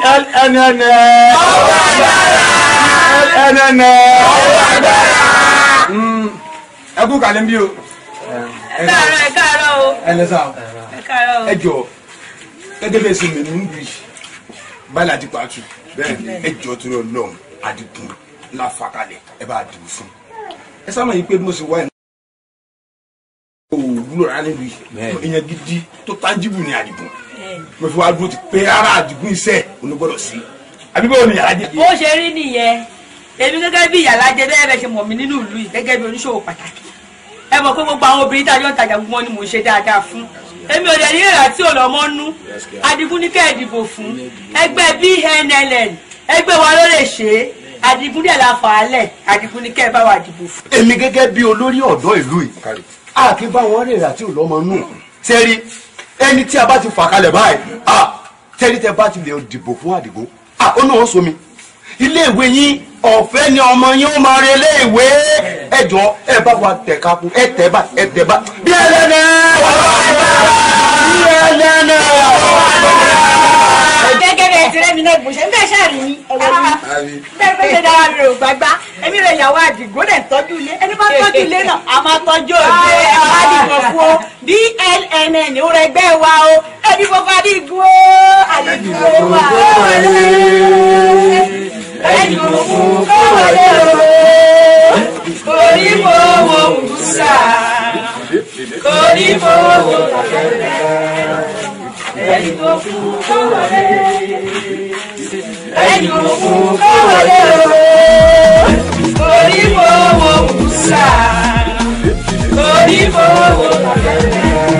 ELNN. ọwọ́ agbára. ELNN. ọwọ́ agbára. ẹ kú kàlẹ́ bí o. ẹ káàárọ̀ ẹ káàárọ̀ o. ẹ lẹ́sà o. ẹ káàárọ̀ o. ẹ jọ gẹ́gẹ́ bẹ́ẹ̀ sì mẹ́nu ń bì báyìí àti pàtó bẹ́ẹ̀ ni ẹ jọ tó lọ lọ́hùn àdìgún láfakalẹ̀ ẹ bá dùn fún ẹ sábà yìí mo fi wá dúró ti pé rárá ah, àdìgún iṣẹ́ onígbọ́dọ̀ sí àbí báwo ni yàrá jẹ. bó ṣe rí nìyẹn èmi gẹ́gẹ́ bí ìyàrá jẹ bẹ́ẹ̀ bẹ́ẹ̀ ṣe mọ̀ mí nínú ìlú yìí gẹ́gẹ́ bí oníṣòwò pàtàkì ẹ mọ̀ pé gbogbo àwọn obìnrin tàjọ́ ìtajà gbogbo wọn ni mò ń ṣe dáadáa fún èmi ò dẹ̀ ní èrà tí ò lọ́mọ́ nú àdìgún ní kẹ́ ẹ̀ fún ẹgbẹ́ BNLN ẹgbẹ́ wa ló lè ṣe é dẹ̀ la fà á lẹ̀ àdìgún ní kẹ́ ẹ bá wa dìbò fún. èmi gẹ́gẹ́ bí olórí ọ̀dọ́ ìlú yìí àkíbáwọn rèé àti òlọ́mọ nù sẹ́rí ẹni tí a bá ti fà kalẹ̀ báyìí tẹ́lítẹ́ bá ti lè dìbò fún àdìgbò ó náà sọ mi iléèwé yín ọ̀fẹ́ ni ọmọ yín ó máa re iléèwé ẹ̀jọ̀ ẹ bá wa tẹ̀ ká kún ẹ tẹ̀ bá ẹ tẹ̀ bá bí ẹlẹ́nà bí ẹlẹ́nà bẹ́ẹ̀ ti rẹ́mi náà gbòṣẹ́ bẹ́ẹ̀ ṣáàrí mi bẹ́ẹ̀ bẹ́ẹ̀ ṣe dára mi rò gbàgbá èmi rẹ̀ ìyàwó àdìgbò dẹ̀ tọ́jú ilé ẹni bá tọ́jú ilé náà a máa tọ́jú òde àdìgbò fún o dlnn ó rẹ gbẹ́ wa o àdìgbò fún àdìgbò àdìgbò wa àdìgbò fún kọ́wọ́lé o orí mo wo òwúsà orí mo wo òwúsà ẹni kò fún kó wọlé ẹni kò fún kó wọlé o orí mo wo kùsà orí mo wo kàkẹ́lẹ́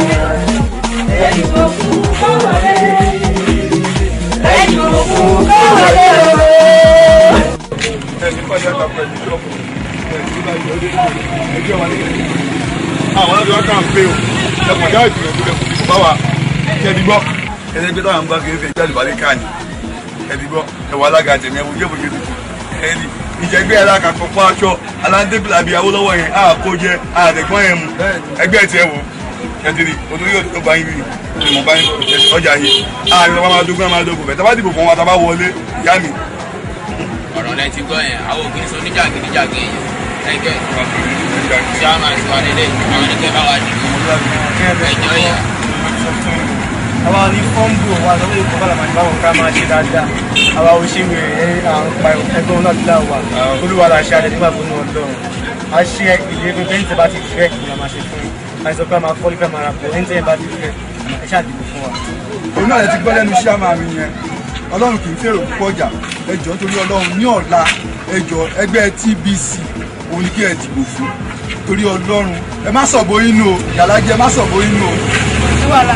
ẹni kò fún kó wọlé ẹni kò fún kó wọlé o. ẹni kọ́ ṣe àtàkùn ẹ̀jú lọ́kùn ẹ̀jú wa ní ẹ̀jú àwọn alájọ wa kàn ń pè ó ẹ̀kọ́ dáhùn ìgbìyànjú lẹ́kùn bá wa kẹ́ni gbọ́ ẹni pé táwọn bá kiri fẹ́ jáde balẹ̀ káàní ẹni gbọ́ ẹwà alága tẹ̀mí ẹwọ jẹ́ bòjú tuntun ẹni ìjẹgbẹ́ alága kan fún aṣọ aláǹdébìlà bíi Awólọ́wọ̀ yẹn àkó jẹ àdẹ̀gbọ́n yẹn mu ẹgbẹ́ tiẹ̀ wò ẹtìrì olórí òtún tó bá yín rìn ni mo bá yín ọjà yìí àárín tó bá máa dógún máa dógún bẹ̀ tó dìbò fún wa tó wọlé ìyá mi. ọ̀rọ̀ rẹ ti gbọ́ yẹn àwọn òkè sọ níjà gidigidi yẹn ẹgbẹ́ ṣé àwa ní o wa sọ pé kọ́kọ́ làwọn àgbà wọn ká máa ṣe dáadáa àwa ò ṣe wèrè ẹgbẹ́ wọn náà wà olúwa la ṣe àdẹ̀dẹ̀ nígbàgbọ́ ní ọlọ́run a ṣe ìlérí bẹ́ẹ̀ tẹ́ bá ti fẹ́ kí la máa ṣe fún yín àìsàn pé a máa fọ́lí pé a máa ra pọ̀ ẹni tẹ́ bá ti fẹ́ ẹ ṣàdìbò fún wa. òun náà ti gbọ́ lẹ́nu iṣẹ́ àmà mi yẹn ọlọ́run kì í fèrò púpọ̀ jà ẹjọ́ torí ọlọ́run ní ọ̀la ẹjọ́ ẹgbẹ́ TBC òun ni kí ẹ dìbò fún torí ọlọ́run ẹ má sọ̀bọ̀ inú o ìyàlájẹ má sọ̀bọ̀ inú o wàhálà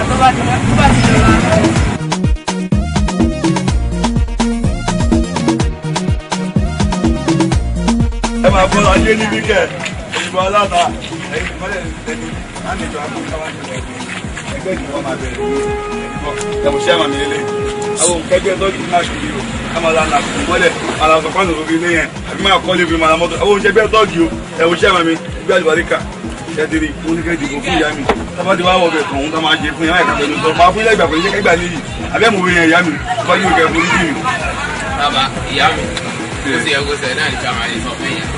ẹ máa bọ́ ayé níbí kẹ́ ìgbà aláta ẹ̀yìn ìmọ̀lẹ̀ ẹ̀mí àmìjọ àmúkáwájú ẹgbẹ́ ìjọba máa bẹ̀rẹ̀ ẹ̀mí ẹ̀mí ṣẹ́ màmí lélẹ̀ àwọn òǹkẹ́gbẹ́ tọ́jú náà kìí o amala na mọlẹ alasọkọ nínú ilé yẹn àbí máa kọ́ lébi màlámọ́tò àwọn oúnjẹ bẹ́ẹ̀ tọ́jú o ẹ̀wọ̀n ṣẹ́ mami gbé àlùbáríkà ṣẹ́tìrì mo ní fún ìyá mi tọ́ba ti wá wọ bẹ̀ kàn ń tọ́ máa jẹ fún yàrá ìkàtọ́ ló sọ máa fún ìyá ìgbà pẹ̀lú ìjẹ́kẹ́gbà níyì abẹ́ mo wéyàn ìyá mi tọ́ba yóò kẹ́ forí jì mí. bàbá ìyá mi ó sì ẹgbẹ́ sẹ́yìn náà ní chairman lè sọ fún yẹn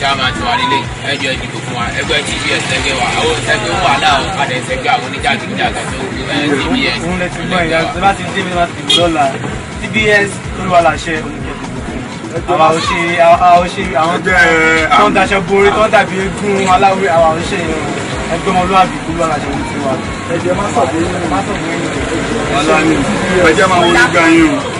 chairman ti wà nílé ẹjọ́ ẹ fún wa ẹgbẹ́ tbs ẹgbẹ́ wa àwọn ìṣẹ́gbẹ́ wà láwọn padà ìṣẹ́gbẹ́ àwọn oníjàgídíjàgà tó tbs. òun lè ti gbọ́ tbs ló wà àwa ò ṣe àwa ò ṣe àwọn tó ń daṣọ borí tó ń dàbí gún aláwé àwa ò ṣe ẹgbẹ́ ọmọlúwàbí kú lọ́la ṣe wọ́n ti wá. ẹ̀jẹ̀ má sọ̀bù ẹ̀jẹ̀ má sọ̀bù ẹ̀jẹ̀ má wọlé gbà yín o.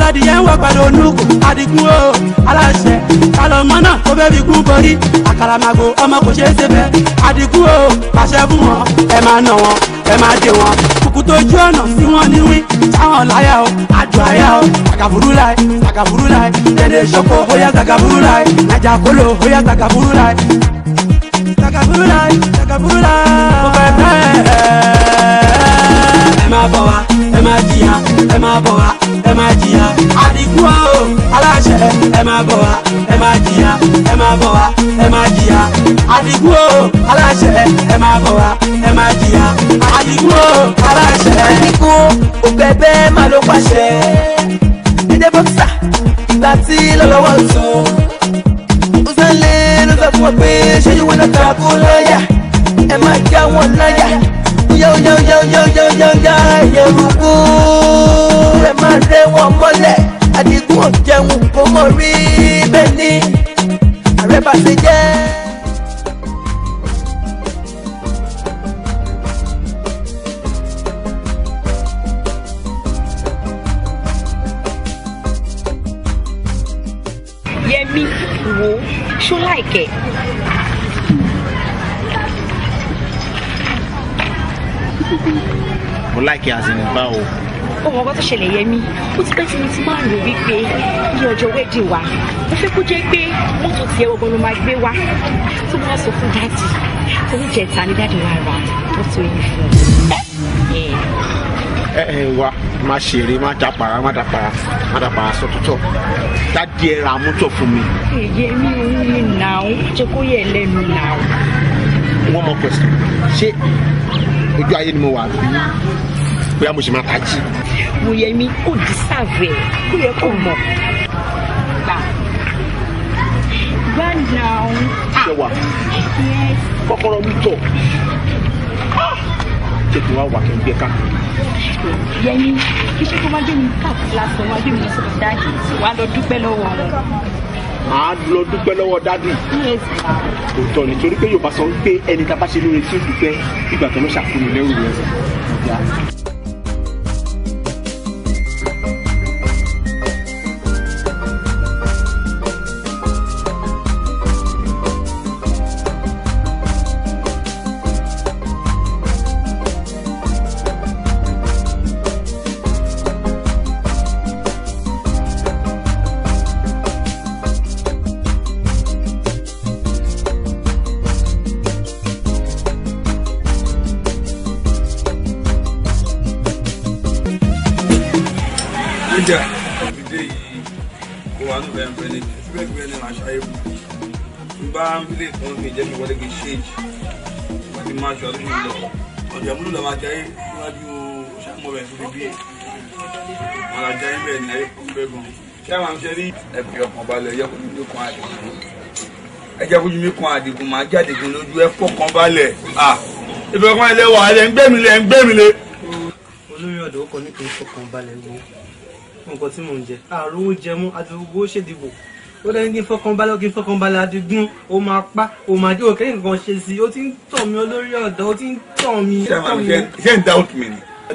ládìyẹ ń wọ pẹ̀lú onúkù adigun o aláṣẹ kalọ̀mọ́ náà kó fi kún borí àkàràmàgò ọmọ kò ṣeé ṣe bẹ́ẹ̀ adigun o pàṣẹ fún wọn ẹ máa nà wọn ẹ máa dè wọn kùkù tó jú ọ̀nà sí wọn níwí táwọn láyà o àjọ àyà o gàgàfúrú láì gàgàfúrú láì dèdè ṣoko óyá gàgàfúrú láì nàjà kóló óyá gàgàfúrú láì gàgàfúrú láì gàgàfúrú láì. mo fẹ́ bẹ́ẹ̀ máa bọ̀ wá ẹ máa jìyà ẹ máa bọ̀ wá ẹ máa jìyà àdìgún wa o aláṣẹ ẹ máa bọ̀ wá ẹ máa jìyà ẹ máa bọ̀ wá ẹ máa jìyà àdìgún o aláṣẹ ẹ máa bọ̀ wá ẹ máa jìyà àdìgún o aláṣẹ. àdìgún òbẹ̀bẹ̀ máa ló pàṣẹ ẹ̀jẹ̀ bọ́ksà ìgbà tí lọ́lọ́wọ́ tún ó lé ló fún ọ pé ṣé ìwé náà kà kú lọ́ọ̀yà ẹ máa já wọn láyà yẹ o yẹ o yẹ o yẹ o yẹ o yẹ o yẹ ayẹrùkú ẹ má rẹ wọn mọ́lẹ̀ Àdìgún òjẹun kò mọ rí bẹ́ẹ̀ ni ààrẹ bá ṣe jẹ́. Yẹmi wo ṣó mo láìkí àsìnì báwo. ọmọ ọgọ́ tó ṣẹlẹ̀ yẹ mí ó ti pẹ́ tí mo ti máa ń rò wípé ní ọjọ́ wẹ́ẹ̀dì wa mo fẹ́ kó jẹ́ pé mọ́tò tiẹ̀ ọgbọ́n ló máa gbé wá tó máa sọ fún dáàdì oúnjẹ ta ni dáàdì wa ra mọ́tò yìí fún un ẹ ẹ wa má ṣeré má dàpara má dàpara má dàpara sọtútọ dádìí ẹ ra mọ́tò fún mi. èyí mi ò ní nà ó kó yẹ lẹ́nu nà wọ́n mọ ojú ayé ni mo wà bí bóyá mo sì máa tají. mo yẹ mi kò dí sàvẹ̀ kó yẹ kó mọ̀ gbà ah. mi tọ̀ tètè ah. wá wà kí ká. yẹmi kí ṣe kó má gbé mi káàkiri lásán má gbé mi lọ sọ́dọ̀ dáàdì wà lọ dúpẹ́ lọ́wọ́ rẹ̀ à lọ dúpẹ́ lọ́wọ́ dádì òótọ́ ni pé Yorùbá sọ wípé ẹni tá a bá ṣe lóore tí ó dúpẹ́ ìgbà tó lọ́ ṣàkóso lẹ́rù rẹ̀ aṣọ àdúgbò lọ ọ̀dẹ̀ múlò làwọn ajáyé níwájú sàmúlẹ̀ tó fi bí wọn ajáyé ní ayé kún àwọn àmì ṣe rí ẹ̀fì ọkàn balẹ̀ ẹ̀yẹ mi kan àdìgún ẹ̀jẹ̀ kún mi kan àdìgún máa jáde gan lójú ẹ̀ fọkàn balẹ̀ à ìfẹ́ kan ilé wà lẹ́ ń gbẹ́mi lẹ́ ń gbẹ́mi lé. olórí ọ̀dọ̀ ó kọ ní kí n fọkàn balẹ̀ gbó nǹkan tí mò ń jẹ ààrùn ó àti gbogbo ó ṣèdìbò ó lẹ́ni kí n fọkànbalẹ̀ kí n fọkànbalẹ̀ adigun ó máa pa ó máa dé òkè nǹkan ṣe sí i ó ti ń tọ̀ mí olórí ọ̀dọ́ ó ti ń tọ̀ mí. ṣé ń dáhùn mi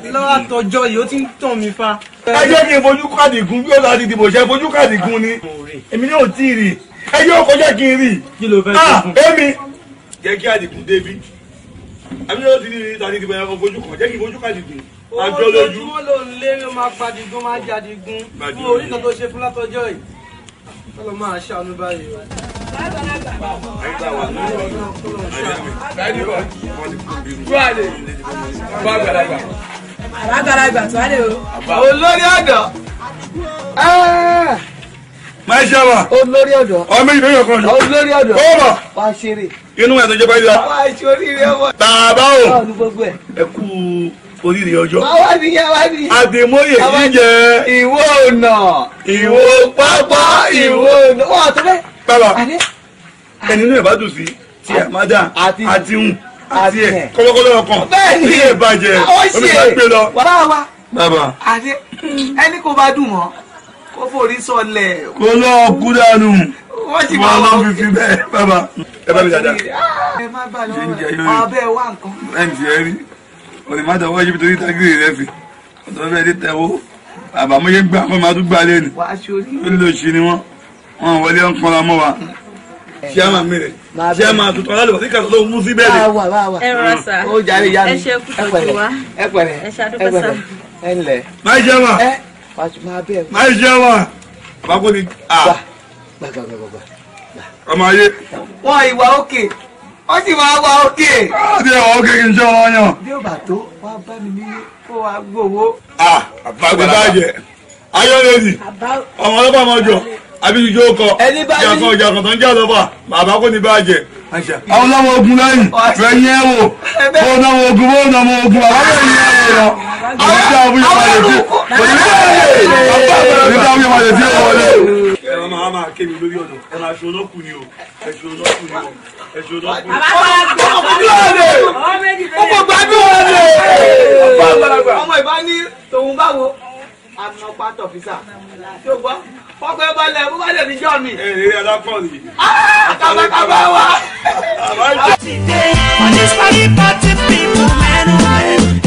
ni lọ́wọ́ àtọjọ́ yìí ó ti ń tàn mí fa. ẹ jẹ́ kí n fojú káàdì gun bí ó lọ ti ṣe fojú káàdì gun ni èmi ní ò tí ì rí ẹ yóò kọjá kí n rí. kí ló fẹ́ ah, jẹ́ kí àdìgún débi àbí yóò ti ní ìta ní ìdìbò ẹ̀kọ́ fojú kan jẹ́ kí kọ́lọ́ máa ṣàánú Olórí ọ̀dọ́. Máa Olórí ọ̀dọ́. Ọmọ ìlú yóò kọ́ Olórí ọ̀dọ́. Ó bọ̀. ṣeré. Inú ẹ̀ tó jẹ́ báyìí la. Wà ṣe oríire ọmọ. Tàbá o. Báwo oríire ọjọ́. àwa nìyẹn àwa nìyẹn. àdèmóye jíjẹ. ìwọ ọ̀nà. ìwọ pápá ìwọ ọ̀nà. wọ́n àti bẹ́ẹ̀. bàbá ẹni náà bá dùn sí ti àmàdà àti hùn àti ẹ kọ́lọ́kọ́lọ́ ọkàn. bẹ́ẹ̀ni ilé ìbàjẹ́ omi bá gbé lọ. bàbá wa bàbá àti ẹni kò bá dùn mọ́ kó forí sọlẹ̀. kó lọ́ọ́ kú dànù wọ́n ti máa lọ fífi bẹ́ẹ̀ bàbá ẹ bá mi dáadáa. ẹ má bàa lọ́wọ́ ọbẹ̀ wa nǹkan. ẹ ǹjẹ́ rí for the matter wọ́n yí torí tágìrì rẹ fi ọ̀dọ́ fẹ́ dé tẹ̀wó àbámọ́yé gbà fún ma tún gbà lẹ́nu ó lò sí ni wọ́n wọn wọlé ń pọnra mọ́ wa ṣíàmà mi rẹ̀ ṣíàmà tuntun alálùbọ̀ sí kàtó lóhùn mú sí bẹ́ẹ̀ ni. ẹ rọra sà ó jàre ya mi ẹ ṣe kùtù tó wa ẹ pẹ̀lẹ́ ẹ ṣàdúpẹ́ sà ẹ ńlẹ̀. má ṣe wà má ṣe wà bàbá kò ní. Ah. ọmọ ayé. wọn ìwà òkè ó sì máa wá òkè. ọdẹ òkè kì í ṣe ọmọ yàn. bí ó bá tó wàá bá mi nílé kó wàá gbowó. àbágbé báyẹ ayọ̀lẹ́sì ọmọ ọlọ́pàá máa jọ abidijó kọ jàkọ jàkọ tó ń jà lọ́pàá bàbá kò ní bàjẹ́ àwọn ọlọ́wọ́ ogun lẹ́yìn fẹ̀yìn ẹ̀ wò kó ọlọ́wọ́ ogun wọ́n ọ̀nà ọmọ ogun àwọn ẹ̀yìn ẹ̀ wò lọ àwọn ọ̀dọ́ àwọn yóò máa máa ké mi lórí ọ̀nà ọ̀nà àṣọ olókù ni o ẹ̀ṣọ olókù ni o ẹ̀ṣọ olókù ni o. ọmọ gbàdúrà rẹ̀ ọmọ gbàdúrà tòun báwo àmọ́ fisa tó gbọ́ fọ́pẹ́ balẹ̀ bó bá lè ní jọ́ mi. èrè alápọ̀ ni. Ah, kábàkábà wa. àbájá.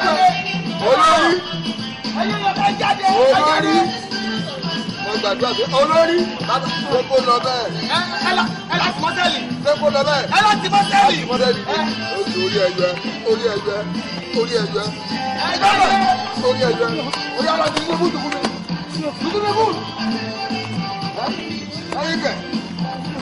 olórí olórí mo gbàdúrà pé olórí ṣé kó lọ bẹ́ẹ̀. ẹ lọ mọ́tẹ́lì. ṣé lọ bẹ́ẹ̀. ẹ lọ sí mọ́tẹ́lì. láti mọ́tẹ́lì ni orí ẹyẹ orí ẹyẹ orí ẹyẹ. ẹ gbọ́dọ̀ orí ẹyẹ orí ẹyẹ lọ sí dúkúdúkú dúkúdúkú. ẹyin kẹ.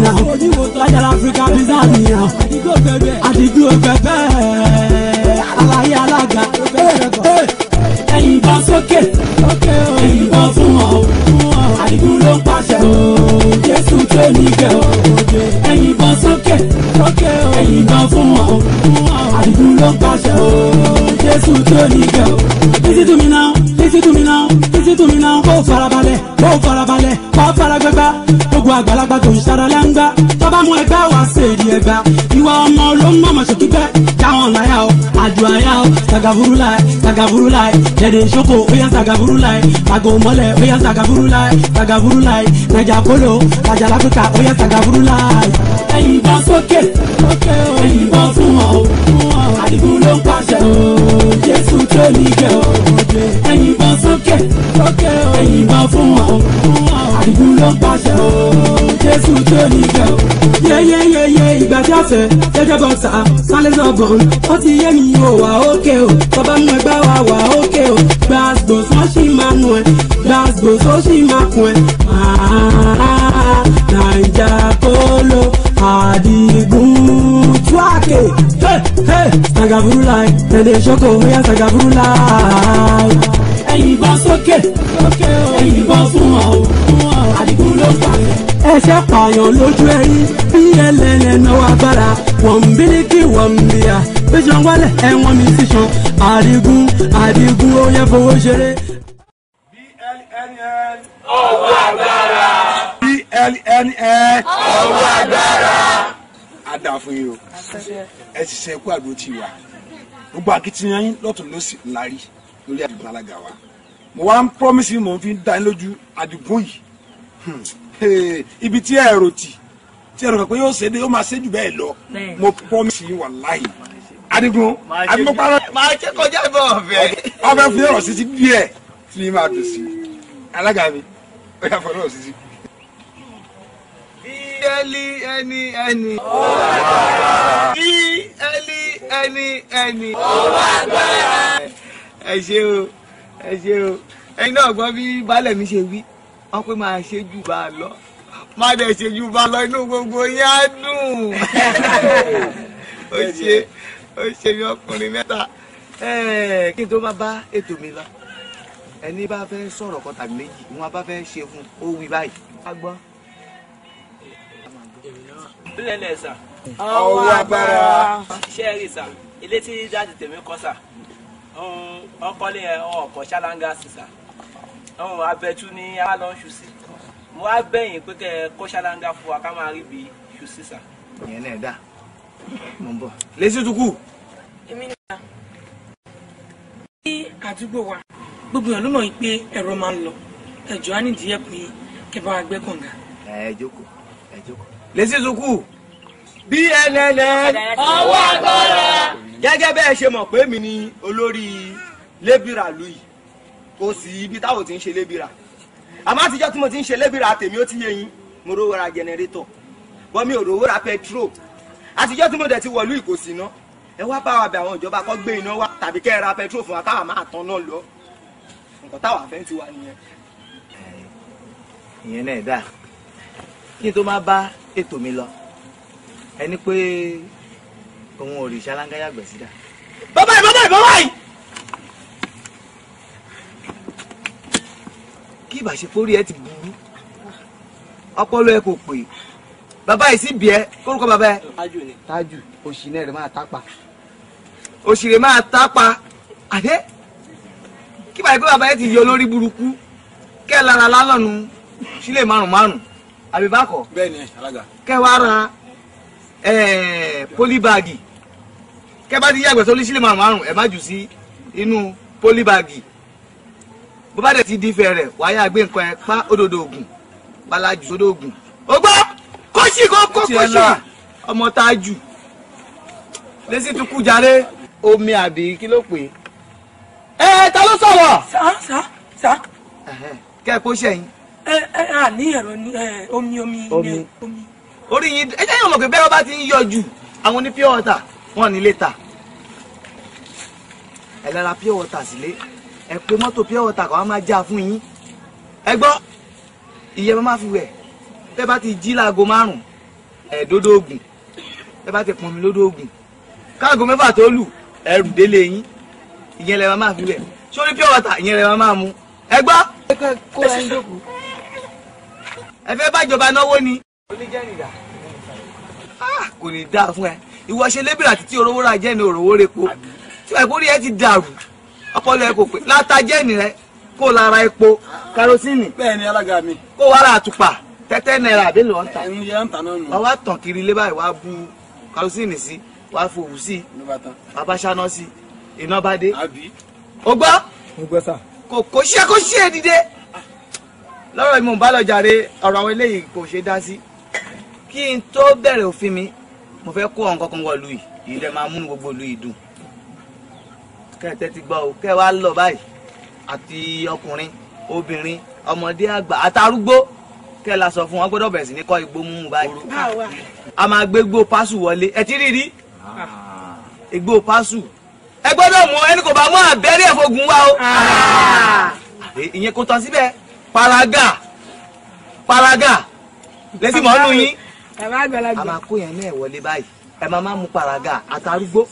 now. Royal Africa visa mi now. Àdìgún òfẹ́fẹ́ aláyé alága. Ẹ̀yìn bá sókè, ẹ̀yìn bá fún ọ. Àdìgún ló ń pàṣẹ o, Jésù tó nígẹ̀ o. Ẹ̀yìn bá sókè, ẹ̀yìn bá fún ọ. Àdìgún ló ń pàṣẹ o, Jésù tó nígẹ̀ o. Listen to me now, listen to me now, listen to me now. Kó farabalẹ̀, kó farabalẹ̀ àgbà tó ń ṣara láńgá tọ́ba mú ẹgbẹ́ wá sí èdè ẹgbà ìwà ọmọ ló ń mọ̀mọ́ ṣètú bẹ́ẹ̀ jáwọn láyà o àjò àyà o sàgàbúrú láì sàgàbúrú láì dẹ̀dẹ̀ ìṣókò ó yẹ sàgàbúrú láì àgò mọ́lẹ̀ ó yẹ sàgàbúrú láì sàgàbúrú láì nàìjà kóló àjà láfíríkà ó yẹ sàgàbúrú láì. ẹ̀yin bọ́ sókè ẹ̀yin bọ́ fún ọ àdìgún ló ń pàṣẹ jésù tó nígẹ̀ o ẹ̀yin bọ́ sókè ẹ̀yin bọ́ fún ọ àdìgún ló ń pàṣẹ o jésù tó nígbà o. yeyeyeye ìgbà tí a fẹ́ jẹ́jẹ́ bọ́sà sálẹ̀ náà bọ̀ ọ́n ó ti yé mi o wà ókè o bàbá mi ẹgbẹ́ wa wà ókè o gbàgbó sọ́ọ́sì máa nù ẹ́ gbàgbó sọ́ọ́sì máa kù ẹ́ nàìjà kóló àdìgún sókè. Sagaburu line, tẹ̀lé ṣoko, bóyá Sagaburu line. Ẹyin bọ́ sókè, ẹyin bọ́ fún ọ, Àdìgún ló pàṣẹ. Ẹ̀ṣẹ̀ pààyàn lójú ẹ̀rí, bí ẹlẹ́lẹ̀ náwó agbára, wọ̀n bíríkì wọ̀n bíyà, bíjọ wálẹ̀ ẹ̀wọ̀n mi sì ṣan, Àdìgún, Àdìgún ó yẹ fowó ṣeré. BLNL ọwọ́ agbára. BLNL ọwọ́ agbára dáa fún yín o ẹ sì ṣe ẹkú àdúró tí wà gbogbo akitiyan yín lọ́tún ló sì lárí lórí àdìgún alága wa mo wá ń promise yín mo fi ń dá yín lójú àdìgún yìí hmm. ibi tí ẹ rò tì tí ẹ rò pé yóò ṣe dé yóò máa ṣe jù bẹ́ẹ̀ lọ mo promise yín wàláhì àdìgún àdìmọ́párá. máa ṣe kọjá ìbọn ọ̀fẹ́. ọbẹ̀ fún yẹn rọ̀ sí tí yín máa dùn sí alága mi ó yà fọ́ lọ́rọ̀ sí ti ẹlí ẹni ẹni. ó wà gbára. bí ẹlí ẹni ẹni. ó wà gbára. ẹ ṣe o ẹ ṣe o ẹyin náà gbọ́ bí baálẹ̀ mi ṣe wí wọ́n pé máa ṣe jù bá a lọ máa dẹ̀ ṣe jù bá a lọ inú gbogbo yín á dùn. ó ṣe ó ṣe ní ọkùnrin mẹ́ta kí n tó máa bá ètò mi lọ ẹni bá fẹ́ sọ̀rọ̀ kan tàbí méjì wọn bá fẹ́ ṣe fún ó wí báyìí. a gbọ́ bílẹ̀lẹ̀ sà. ọwọ́ agbára. iṣẹ́ rí sà ilé tí dáàdì tèmi kọ́ sà ọkọlé ọkọ̀ ṣáláńgá sí sà abẹ́tú ni a lọ ń ṣu sí mo wá bẹ̀yìn pé kẹ́ kọ́ ṣáláńgá fún wa ká máa rí bi ṣu sí sà. ìyẹn náà dá mo ń bọ̀ lẹ́sí tukù. èmi ni sà ní àdúgbò wa gbogbo èèyàn ló mọ̀ pé ẹ̀rọ máa ń lọ ẹ̀jọ̀ á nídìí ẹ̀pẹ́ kẹ́ bá wa gbẹ́ kànga. ẹ jókòó. Lesi sukù bnn ọwọ́ agbára. gẹ́gẹ́ bẹ́ẹ̀ ṣe mọ̀ pé mi ni olórí lébìrà lùyì kò sí ibi táwọn ti ń ṣe lébìrà àmọ́ àtijọ́ tí mo ti ń ṣe lébìrà tèmi ó ti yé yín mo rówó ra jẹnẹrétọ̀ bọ́ mi ò rówó ra pẹtrol àtijọ́ tí mo dẹ̀ ti wọ̀lú ìkòsíná ẹ wá bá wa bẹ àwọn ìjọba kó gbé iná wá tàbí kẹ́ ẹ ra pẹtrol fún wa káwa máa tán náà lọ nǹkan táwa fẹ́ ti wà nìyẹn. ìyẹn náà dáa kí n tó máa bá ètò mi lọ ẹni pé òun ò rìṣà láńgáyà gbẹ̀ sídà. bàbá yìí bàbá yìí bàbá yìí. kí ìbàṣẹ forí ẹ ti burú ọpọlọ ẹ kò pè bàbá yìí sì bí ẹ kórúkọ bàbá ẹ. tájù ni tájù òṣìnà rẹ máa tápa òṣìrè máa tápa àdé kí bàbá bàbá yìí ti yọ lórí burúkú kẹ́ ẹ lára lálọ́nu sílẹ̀ márùn-márùn àbíbákọ. bẹ́ẹ̀ni alága. kẹwàá ran pólíbáàgì kẹbà ti yàgbẹ́ sórí sílẹ̀ márùn márùn ẹ̀ má jù sí inú pólíbáàgì bó bá dẹ̀ ti di fẹ́ rẹ̀ wáyà gbé nǹkan ẹ̀ pa òdòdó ògùn balajù sódò ògùn. ó gbọ́ kó sì kó ọmọ tá a jù lẹ́sìn tún kú jàre omi àbí kí ló pè é. ẹ ta ló sọ̀rọ̀. sá sá sá. kẹ́ ẹ kó sẹ́yìn ẹ ẹ àní ẹ̀rọ omi omi omi. orí yín ẹ jẹ́ yín mọ̀ pé bẹ́ẹ̀ bá ti ń yọ jù àwọn oní pure water wọn ní lè ta ẹ lọ ra pure water sílé ẹ pé mọ́tò pure water kan á máa já fún yín ẹ gbọ́ ìyẹn máa fi wẹ̀ bẹ́ẹ̀ bá ti jí láago márùn-ún ẹ̀ dódó ògùn bẹ́ẹ̀ bá ti pọnmi lódó ògùn káàgó mẹ́fà tó lù ẹrù délé yín ìyẹn lẹ máa fi wẹ̀ sórí pure water ìyẹn lẹ máa mú ẹ gbọ́. ẹ kọ́ ẹ ń dókòó ẹ fẹ́ bájọba náwó ni. oníjẹ́nìyà. Ah, kò ní dáa fún ẹ ìwọ ṣe lébìrà títí orówó ra jẹ́ni òrówó repo tí wàá ìkórè ẹ ti dàrú ọpọlọ ẹ kò pé láta jẹ́ni rẹ kó lára epo karosíìnì. bẹ́ẹ̀ ni alága mi. kó wàá ra àtùpà tẹ́tẹ́ náírà àbí lọ́ọ́ ta. ẹ̀yin yẹn ń tà náà nù. wàá wá tàn kiri ilé báyìí wàá bu karosíìnì sí wàá fòwú sí bàbá ṣáná sí iná bá dé. o gbọ́. o gbọ́ sà. kò kò ṣe kò ṣe dìde lọ́rọ̀ mi ò bá lọ jàre ọ̀rọ̀ àwọn eléyìí kò ṣe dá sí kí n tó bẹ̀rẹ̀ òfin mi mo fẹ́ kó ọ̀nkan kan wọ ìlú yìí èyí lè máa múnú gbogbo ìlú yìí dùn kẹ́ẹ̀tẹ́ ti gbọ́ o kẹ́ẹ̀ wá lọ báyìí àti ọkùnrin obìnrin ọmọdé àgbà àtàrúgbó kẹ́ẹ̀ la sọ fún wọn gbọ́dọ̀ bẹ̀rẹ̀ sí ní kọ́ igbó mú báyìí a máa gbé gbó pásù wọlé ẹ ti rí rí ah. igbó pásù ẹ gbọ́dọ̀ mú ẹni kò bá mú àbẹ́rẹ́ ẹ̀fọ́gun wá o ah. ìyẹn kò tán síbẹ̀ paraga paraga lẹ́sìn mọ́ nù yín a máa kó yẹn ní ẹ̀wọ́lé báyìí ẹ máa máa mú paraga àtàrúgbó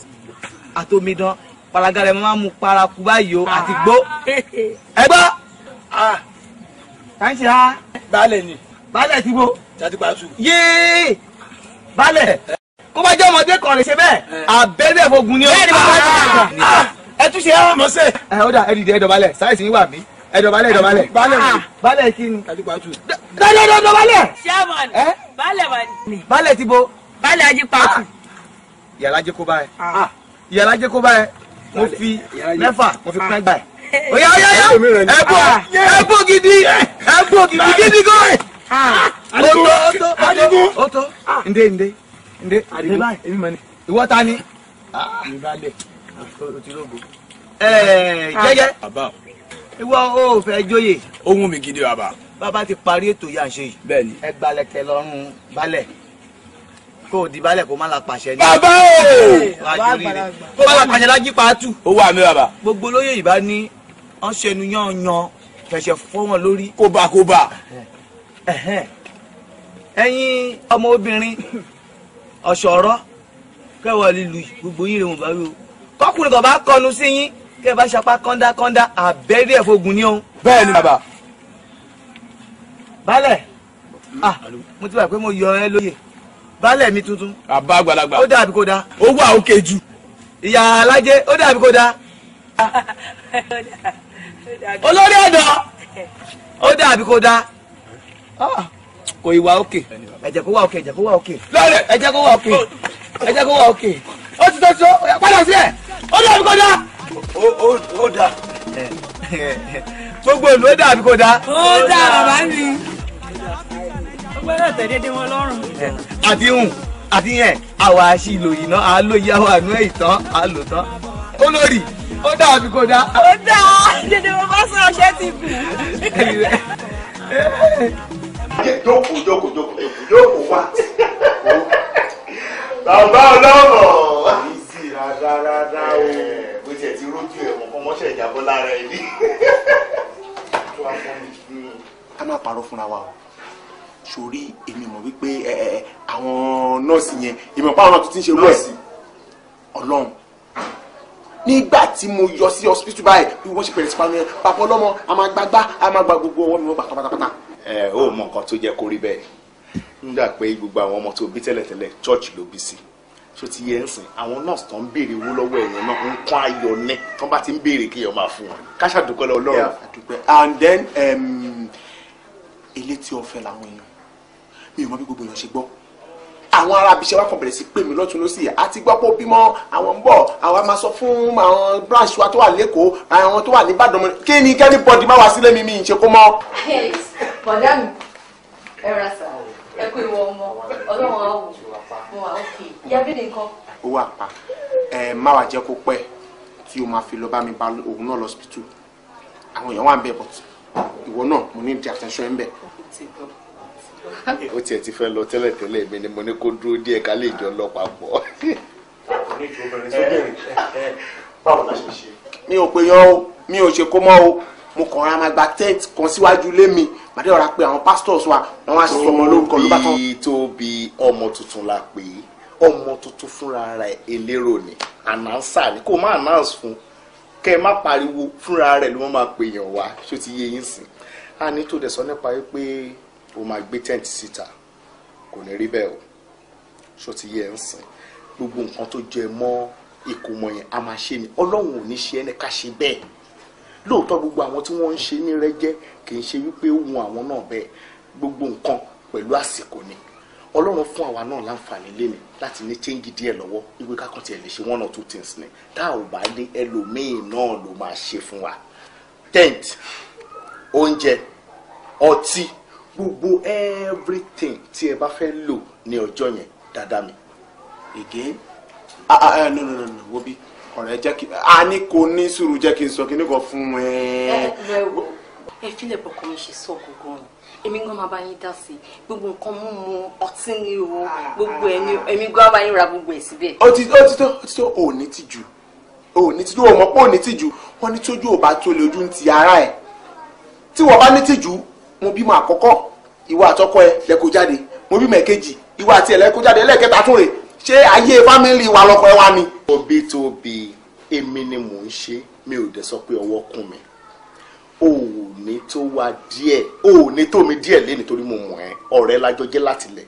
àtòmídán paraga rẹ máa mú paraku báyìí o àti gbó ẹ gbọ́. kàńtì ah. ha. Ah. baálẹ̀ ni. baálẹ̀ ti bo. jàdí pàṣù. yéé baálẹ̀ kó bá jẹ́ ọmọdé kan lè ṣe bẹ́ẹ̀ eh. abẹ́rẹ́ fogun ni o. bẹ́ẹ̀ ni mo bá jẹ́ àgbà. Ah. ẹ túnṣe ẹ. mọ̀ eh, ẹ ó dà ẹ dìde ẹ dọ̀bálẹ̀ sáyẹ̀sì yín wà mí ẹ dọ̀bálẹ̀ dọ̀bálẹ̀. Ah, balẹ̀ mọ̀ ah. balẹ̀ kí ni. tajupatu. dọdọdọ dọ̀bálẹ̀. sẹ́wọ̀n balẹ̀ wà ní. balẹ̀ ti bo. balẹ̀ ajipatu. Ah. yàrá jẹ́ kó bá yẹ. yàrá jẹ́ kó bá yẹ. mo fi mẹ́fà mo fi pẹ́ńgbà yẹ. oya oya ya ẹ bọ ẹ bọ gidi ẹ bọ gidi gidi gan. oto oto adigun oto nde nde nde adigun ìwọ ta ni. ìbálẹ̀ o ti rògbò. jẹjẹ ìwọ o fẹ́ jóyè. ohun mi gidi bàbá. Baba ti parí ètò yà ń ṣe yìí. bẹ́ẹ̀ni. ẹ gbalẹ̀kẹ̀ lọ́rùn balẹ̀ kó o di balẹ̀ kó o má la pàṣẹ ní. bàbá o. kó o má la pàṣẹ lájí paatu. ó wà mí bàbá. gbogbo olóyè yìí bá ní wọ́n ṣẹnu yányan kẹ̀ṣẹ̀ fọ́ wọn lórí. kó bá kó bá. ẹ̀yin ọmọ obìnrin ọ̀ṣọ́rọ́ kẹwàá lílu gbogbo yìí rẹ̀ wọ́n bá o kọ́kùnrin kan bá kọnu sí yín kẹ́ ẹ bá ṣapá kọ́ńdákọ́ńdá àbẹ́rí ẹ̀ fogun ní òun. bẹ́ẹ̀ ni bàbá. baálẹ̀ ah mo ti bá pé mo yọ ẹ lóye baálẹ̀ mi tuntun. bàbá àgbàlagbà ó dàbí kó dáa. ó wà òkè jù. ìyá alájẹ ó dàbí kó da. olórí ọ̀dọ́ ó dàbí kó dáa. Ah, kò ì wà òkè ẹ jẹ́ kó wà òkè ẹ jẹ́ kó wà òkè ẹ jẹ́ kó wà òkè ẹ kó wà òkè ó ti tó tó padà sílẹ̀ ó dàbí kó dáa ó dà gbogbo ìlú ó dà bí kò dà. ó dà bàbá mi ó gbọ́dọ̀ tẹ̀ déédéé wọn lọ́rùn. àti hùn àti yẹn àwa àṣì ìlòyìn náà a ló yá wa nú ìtàn a lò tán olórí ó dà bí kò dà. ó dà déédéé wọn bá sọ̀rọ̀ ṣẹ́ ti kù. jókòó jókòó jókòó jókòó wá bàbá ọlọ́rọ̀. kì í sí rárá rárá o tiẹ̀ ti rójú ẹ̀wọ̀n kan mọ́ṣẹ́ ìjàbọ̀ lára ẹni. ká má parọ́ fúnra wa o sórí èmi mọ̀ wípé àwọn nọ́ọ̀sì yẹn èmi ọ̀pá àwọn tó ti ń ṣe olú ẹ̀ ọlọ́run nígbà tí mo yọ sí hospital báyìí bí wọ́n ṣe pẹ̀lẹ́ sípanu yẹn papọ̀ ọlọ́mọ a máa gbàgbá a máa gba gbogbo ọwọ́ mi wọ́n gbà tán pátápátá. ẹ ò mọ nǹkan tó jẹ́ kó rí bẹ́ẹ̀ nígbà pé gbogbo àwọn ọmọ tó bí tẹ́lẹ̀tẹ́lẹ̀ church ló bí sí i tó ti yẹ ń sìn àwọn nurse tó ń béèrè owó lọ́wọ́ ẹ̀yàn náà ń kún ayọ̀ ní tó bá ti ń béèrè kí èèyàn máa fún wọn káṣá dúpẹ́ lọ Ọlọ́run. and then elétí um, ọ̀fẹ́ làwọn èèyàn mi ò mọ bí gbogbo èèyàn ṣe gbọ́ àwọn ará abiṣẹ́ wa kàn bẹ̀rẹ̀ sí pè mí lọ́tún lọ́sì àti gbọ́ pé ó bímọ àwọn ń bọ̀ àwa máa sọ fún àwọn branch wa tó wà lẹ́kọ̀ọ́ àwọn tó wà ní Ìbàdàn kí ni kẹ́ni bọ́dì má wá sílé mi mi ì ṣe kó mọ́. bọ̀dá mi ẹ ra sà ẹ kó ìwọ ọmọ ọlọ́wọ́n á wò mo wà ó kì í ìyábẹ̀dẹ̀ nǹkan. ó wà pa ẹ má wàá jẹ́ kó pẹ́ tí o máa fi lọ bá mi ba òun náà lọ́sibítù àwọn èèyàn wà ń bẹ̀ but ìwọ náà mo ní di attention ẹ̀ ń bẹ̀. ó tiẹ̀ ti fẹ́ lọ tẹ́lẹ̀tẹ́lẹ̀ mi ni mo ní kó dúró díẹ̀ ká lè jọ lọ papọ̀. mi ò pe yan o mi ò ṣe kó mọ́ o mo kàn ra máa gba tent kan síwájú ilé mi màdé ọ̀rá pé àwọn pastors wa wọn wá sọ ọmọ lórúkọ ló bá tán. tóbi tóbi ọmọ tuntun la pè é ọmọ tuntun fúnra ara ẹ̀ elérò ni ànánsà ni kò má announce fún kẹ́ ẹ má pariwo fúnra rẹ̀ ló wọ́n máa pè yàn wá ṣó ti yé yín sìn á ní tó dẹ̀ sọ nípa wípé o máa gbé tent síta kò ní rí bẹ́ẹ̀ o ṣó ti yé ẹ̀ sìn gbogbo nǹkan tó jẹ mọ́ ìkómọ yẹn a máa ṣe ni ọlọ́run ò ní ṣe ẹni ká ṣe bẹ́ẹ̀ lóòótọ́ gbogbo àwọn tí wọ́n ń ṣe ní rẹ́jẹ́ kì í ṣe wípé ohun àwọn náà bẹ́ẹ̀ gbogbo nǹkan pẹ̀lú àsìkò ni ọlọ́run fún àwa náà láǹfààní lé láti ní change díẹ̀ lọ́wọ́ ìwé kákọ́tì ẹ̀ lè ṣe one or two things ni tá ò bá ní ẹlòmíín náà ló máa ṣe fún wa tent oúnjẹ ọtí gbogbo everything tí ẹ bá fẹ́ lò ní ọjọ́ yẹn dáadáa mi. again ah, ah, ah, no no no no wo ọ̀rẹ́ jẹ́ kí a ní kò ní sùúrù jẹ́ kí n sọ kí n kò fún ẹ. Eh, eh, ẹ fílẹ̀ bọ̀kọ̀ mi ṣe sọ gbogbo ọ̀hún èmi gan máa bá yín dá sí i gbogbo nǹkan mú mu ọtí ni o gbogbo ẹ ni èmi gan máa yín ra gbogbo ẹ síbẹ̀. ó ti tó ó ti tó ó ti tó ò ní tìjú ò ní tìjú ò mọ̀ pé ò ní tìjú wọ́n ní tójú ò bá tó lè ojú ti ara ẹ̀ tí wọ́n bá ní tìjú mo bímọ àkọ́kọ́ ìwọ àtọkọ ẹ lẹ́kọ̀ọ́ jáde mo bímọ ẹ̀kejì ìwọ àti ẹ̀lẹ́kọ̀ọ́ jáde ẹlẹ́kẹta tún rè ṣé ayé fámìlì wa lọkọ ẹ wá ni. òbí tó bi èmi ni mò ń ṣe mi ò dẹ̀ sọ pé ọwọ́ kún mi òní tó wá díẹ̀ òní tó mi díẹ̀ lé nítorí mo mọ̀ ẹ́ ọ̀rẹ́ lájọ jẹ́ látilẹ̀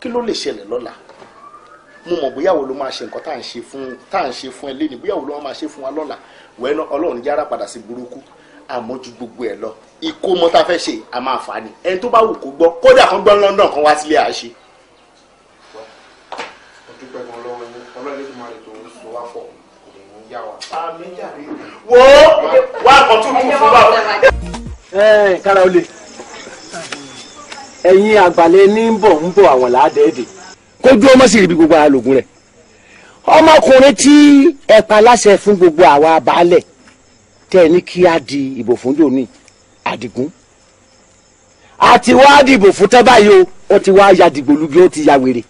kí ló lè ṣẹlẹ̀ lọ́la mo mọ̀ bóyáwó ló máa ṣe nǹkan tá à ń ṣe fún tá à ń ṣe fún ẹ lé ní bóyáwó ló máa ṣe fún wa lọ́la wẹ́n ọlọ́run yára padà sí burúkú àmọ́ ju gbogbo ẹ̀ lọ ìkómọ tá a fẹ́ ṣe a máa fà á ni ẹni tó bá wù kó gbọ́ kódà kan gbọ́ London kan wá sílé àṣe. ọdún pẹ́ kan wo wá àkọ́túntù fún bàbá. kára olè ẹ̀yin àgbàlẹ̀ ní ń bọ̀ ń bọ̀ àwọn làádẹ́ẹ̀dẹ̀ kójú ọmọ sì ríbi gbogbo àlògùn rẹ̀ ọmọkùnrin tí ẹ pa láṣẹ fún gbogbo àwa baálẹ̀ tẹ́ ẹ ní kí á di ìbò fún jòní àdìgún àti wá dìbò fún tẹ́ báyìí o ó ti wá ya dìgbòlugi ó ti ya wèrè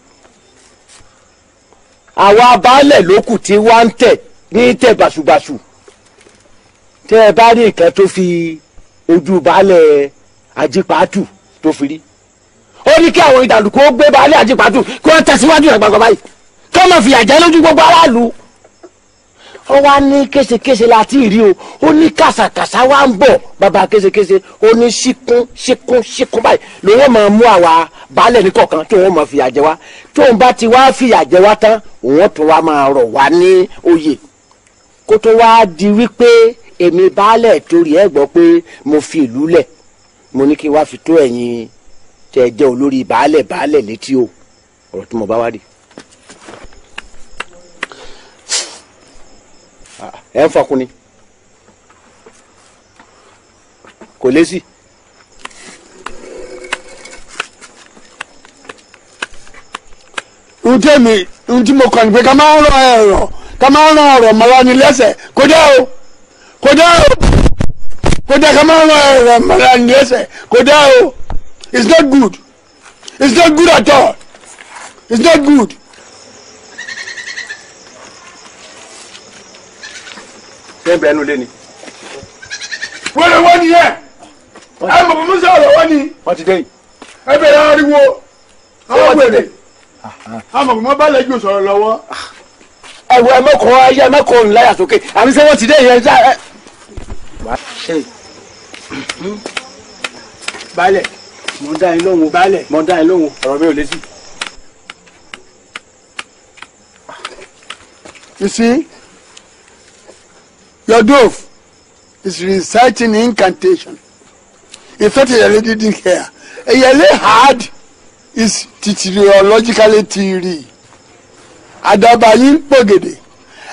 àwa baálẹ̀ lókù tí wá ń tẹ̀ ní tẹ̀ bàṣùbàṣù tẹ́ ẹ bá rí nǹkan tó fi ojú baálẹ̀ ajípàtù tó fi rí ó ní kí àwọn ìdàlù kó gbé baálẹ̀ ajípàtù kí wọ́n tẹ̀síwájú ìgbàgbọ́ báyìí kí wọ́n fìyà jẹ lójú gbogbo aráàlú ó wá ní késekése láti rí o ó ní kàsàkàsà wá ń bọ̀ bàbá késekése ó ní síkún síkún síkún báyìí lòun máa mú àwa baálẹ̀ ní tí òun máa fìyà jẹ wá tóun bá ti wá fìyà jẹ wá tán òun tún wá máa rọ̀ wá ní oyè kó tó wáá di wípé èmi baálẹ̀ torí ẹ̀ gbọ́ pé mo fi ìlú lẹ̀ mo ní kí n wá fi tó ẹ̀yin tẹ́ jẹ́ olórí baálẹ̀ baálẹ̀ létí o ọ̀rọ̀ tí mo bá wá rí. ẹ ń fọkùn ni kò lé sí. ntẹ́mi ntí mo kàn ní pé ká máa ń rọ ẹ̀rọ ká máa ràn ọ̀rọ̀ mọ́ra ni lẹ́sẹ̀ kò dá o kò dá o kò dá ká máa ràn ọ̀rọ̀ mọ́ra ni lẹ́sẹ̀ o it's not good it's not good at all it's not good. ṣé bẹ́ẹ̀ nu lé ni. wọ́n lè wọ́n nìyẹn ẹ mọ̀ fún mi sọ̀rọ̀ wọ́n ni. wọ́n ti dé yìí. ẹ bẹ̀rẹ̀ ariwo àwọn wèrè àmọ̀ fún mi bá lẹ́jọ́ sọ̀rọ̀ lọ́wọ́ ẹwọ ẹmẹkọ ayé ẹmẹkọ ńláyà sókè àmì sẹ wọn ti dé yẹn dá ẹ. baálẹ̀ mo dá yín lóhùn baálẹ̀ mo dá yín lóhùn ọ̀rọ̀ mi ò létí. You see, your dove is reciting incantation. In fact, you already did here. A yearly hard is theologically theory àdàbà yín pògèdè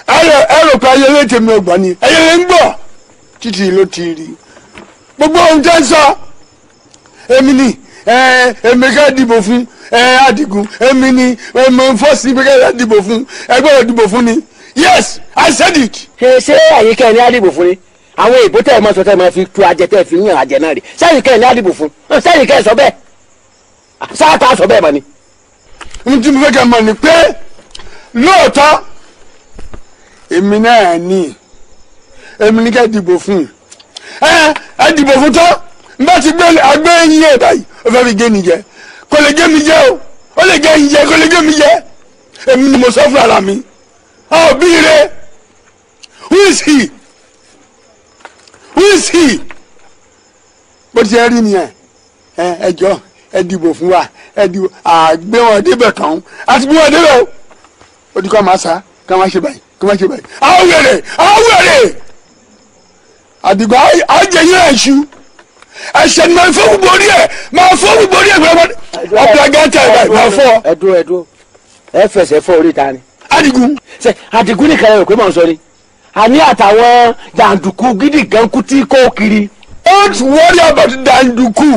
ẹrọ ẹrọ pa ayẹyẹ tèmi ọgbà ni ayẹyẹ ń gbọ́ títí ló ti rí gbogbo ohun tẹ́ ń sọ èmi ni èmi ká dìbò fún Adigun èmi ni èmi fọ́ọ̀sì pé ká dìbò fún ẹgbẹ́ òdìbò fún ni yes i said it. ṣe àyíká ẹni á dìbò fún ni àwọn èbó tẹ́ ẹ mọ́ sọ tẹ́ ẹ mọ́ fi tu ajẹ tẹ́ ẹ fi yàn ajẹ náà rè sẹ́yìn kẹ́ ẹ̀ ní àdìbò fún sẹ́yìn kẹ́ ẹ̀ sọ bẹ́ẹ̀ sáà tá a sọ bẹ́ẹ̀ mọ́ ni. ohun tí mo fẹ́ kẹ́ mọ̀ ni pé lóòótọ́ èmi náà ní èmi ní ká dìbò fún un ẹ ẹ dìbò fún tán n bá ti gbé agbé yín yé báyìí ó fẹ́ fi gé mi jẹ kò lè gé mi jẹ o ó lè gé yín jẹ kò lè gé mi jẹ èmi ni mo sọ fún ara mi a ò bí ire who is he who is he bó ti ẹ rí nìyẹn ẹ ẹ jọ ẹ dìbò fún wa ẹ dìbò àgbẹ̀wọ̀n débẹ̀ kàn án àti bí wọ́n o ó di kọ́ máa sá ká máa ṣe báyìí ká máa ṣe báyìí àwọn wèrè àwọn wèrè àdìgbà àjẹyìn ẹ̀ṣu ẹ̀ṣẹ̀ ni máa fọ́ọ̀mù borí ẹ̀ máa fọ́ọ̀mù borí ẹ̀ gbẹ́gbẹ́ ọ̀pẹ̀ gàtà ẹ̀ báyìí máa fọ́. ẹ dúró ẹ dúró ẹ fẹsẹ̀ fọ́ orí ta ni. Adigun. ṣe Adigun nìkan ẹ rò pé mò ń sọ ni àní àtàwọn jàǹdùkú gidi gan kú tí kò kiri. don't worry about jàǹdùkú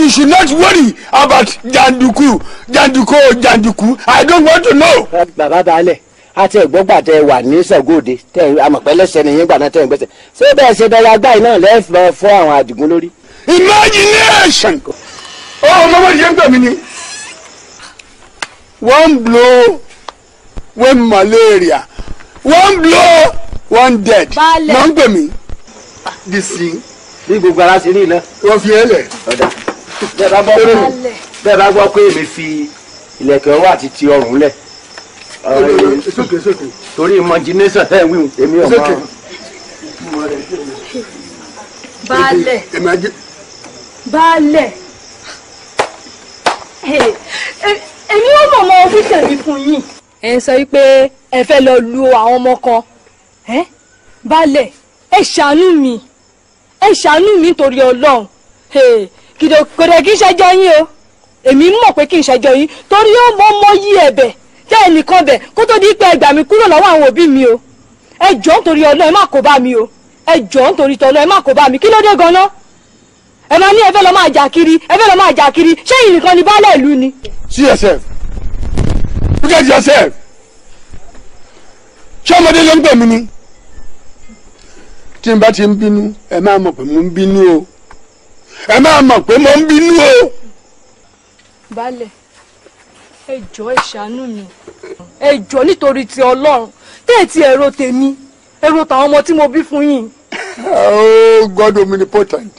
you should not worry about Janduku, Janduku, oh, Janduku. i don't want to know. bàbá baálẹ̀ àti ẹ̀gbọ́gbà tẹ wà ní sàgóde tẹ amọ̀pẹ́lẹ́sẹ̀ nìyẹn gbà náà tẹ ẹ̀ ṣé bẹ́ẹ̀ ṣe dọ́là gbáyìí náà lẹ́ẹ̀fọ́ fọ́ àwọn àdìgún lórí. imagination oh mama yẹn gbà mí ni one blow when malaria one blow one dead mọ̀ ń gbẹ̀mí. disi. bí gbogbo ara ṣe rí iná. wọ́n fi ẹ lẹ̀. ọ̀dà bẹ́ẹ̀ bá gbọ́ pé mi fi ilẹ̀kẹ̀ ọwọ́ àti ti ọrùn lẹ̀ torí imagination ẹ̀ wíwù èmi ọ̀ma. baálẹ̀ baálẹ̀ èmi ò mọ̀ ọmọ ọ́fíìsì mi fún yín. ẹ sọ wípé ẹ fẹ́ lọ lu àwọn ọmọ kan baálẹ̀ ẹ ṣàánú mi ẹ ṣàánú mi nítorí ọlọ́run kìdò kò dẹ̀ kí n ṣẹjọ́ yín o èmi mọ̀ pé kí n ṣẹjọ́ yín torí ó mọ mọ yí ẹ̀bẹ̀ tẹ́ ẹnìkan bẹ̀ kó tó di pé ẹgbà mi kúrò lọ́wọ́ àwọn òbí mi o ẹ jọ̀ọ́ nítorí Ọlọ́run ẹ má kó bá mi o ẹ jọ̀ọ́ nítorí tọ́lọ́ ẹ má kó bá mi kí ló dé gan-an ẹ máa ní ẹ fẹ́ máa jà kiri ẹ fẹ́ máa jà kiri ṣé yìí nìkan ni baálé ìlú ni. see yourself look at yourself ṣé ọmọdé ló ń pè mí ni tí n bá ti ń bínú ẹ máa mọ̀ pé mo ń bínú o ẹ máa mọ̀ pé mo ń bínú o. baálẹ̀ ẹ jọ̀ọ́ ẹ ṣàánú mi ẹ nítorí ti ọlọ́run tẹ́ẹ̀tì ẹ̀rọ tèmi ẹ̀rọ tàwọn ọmọ tí mo bí fún yín. oh god omnipotent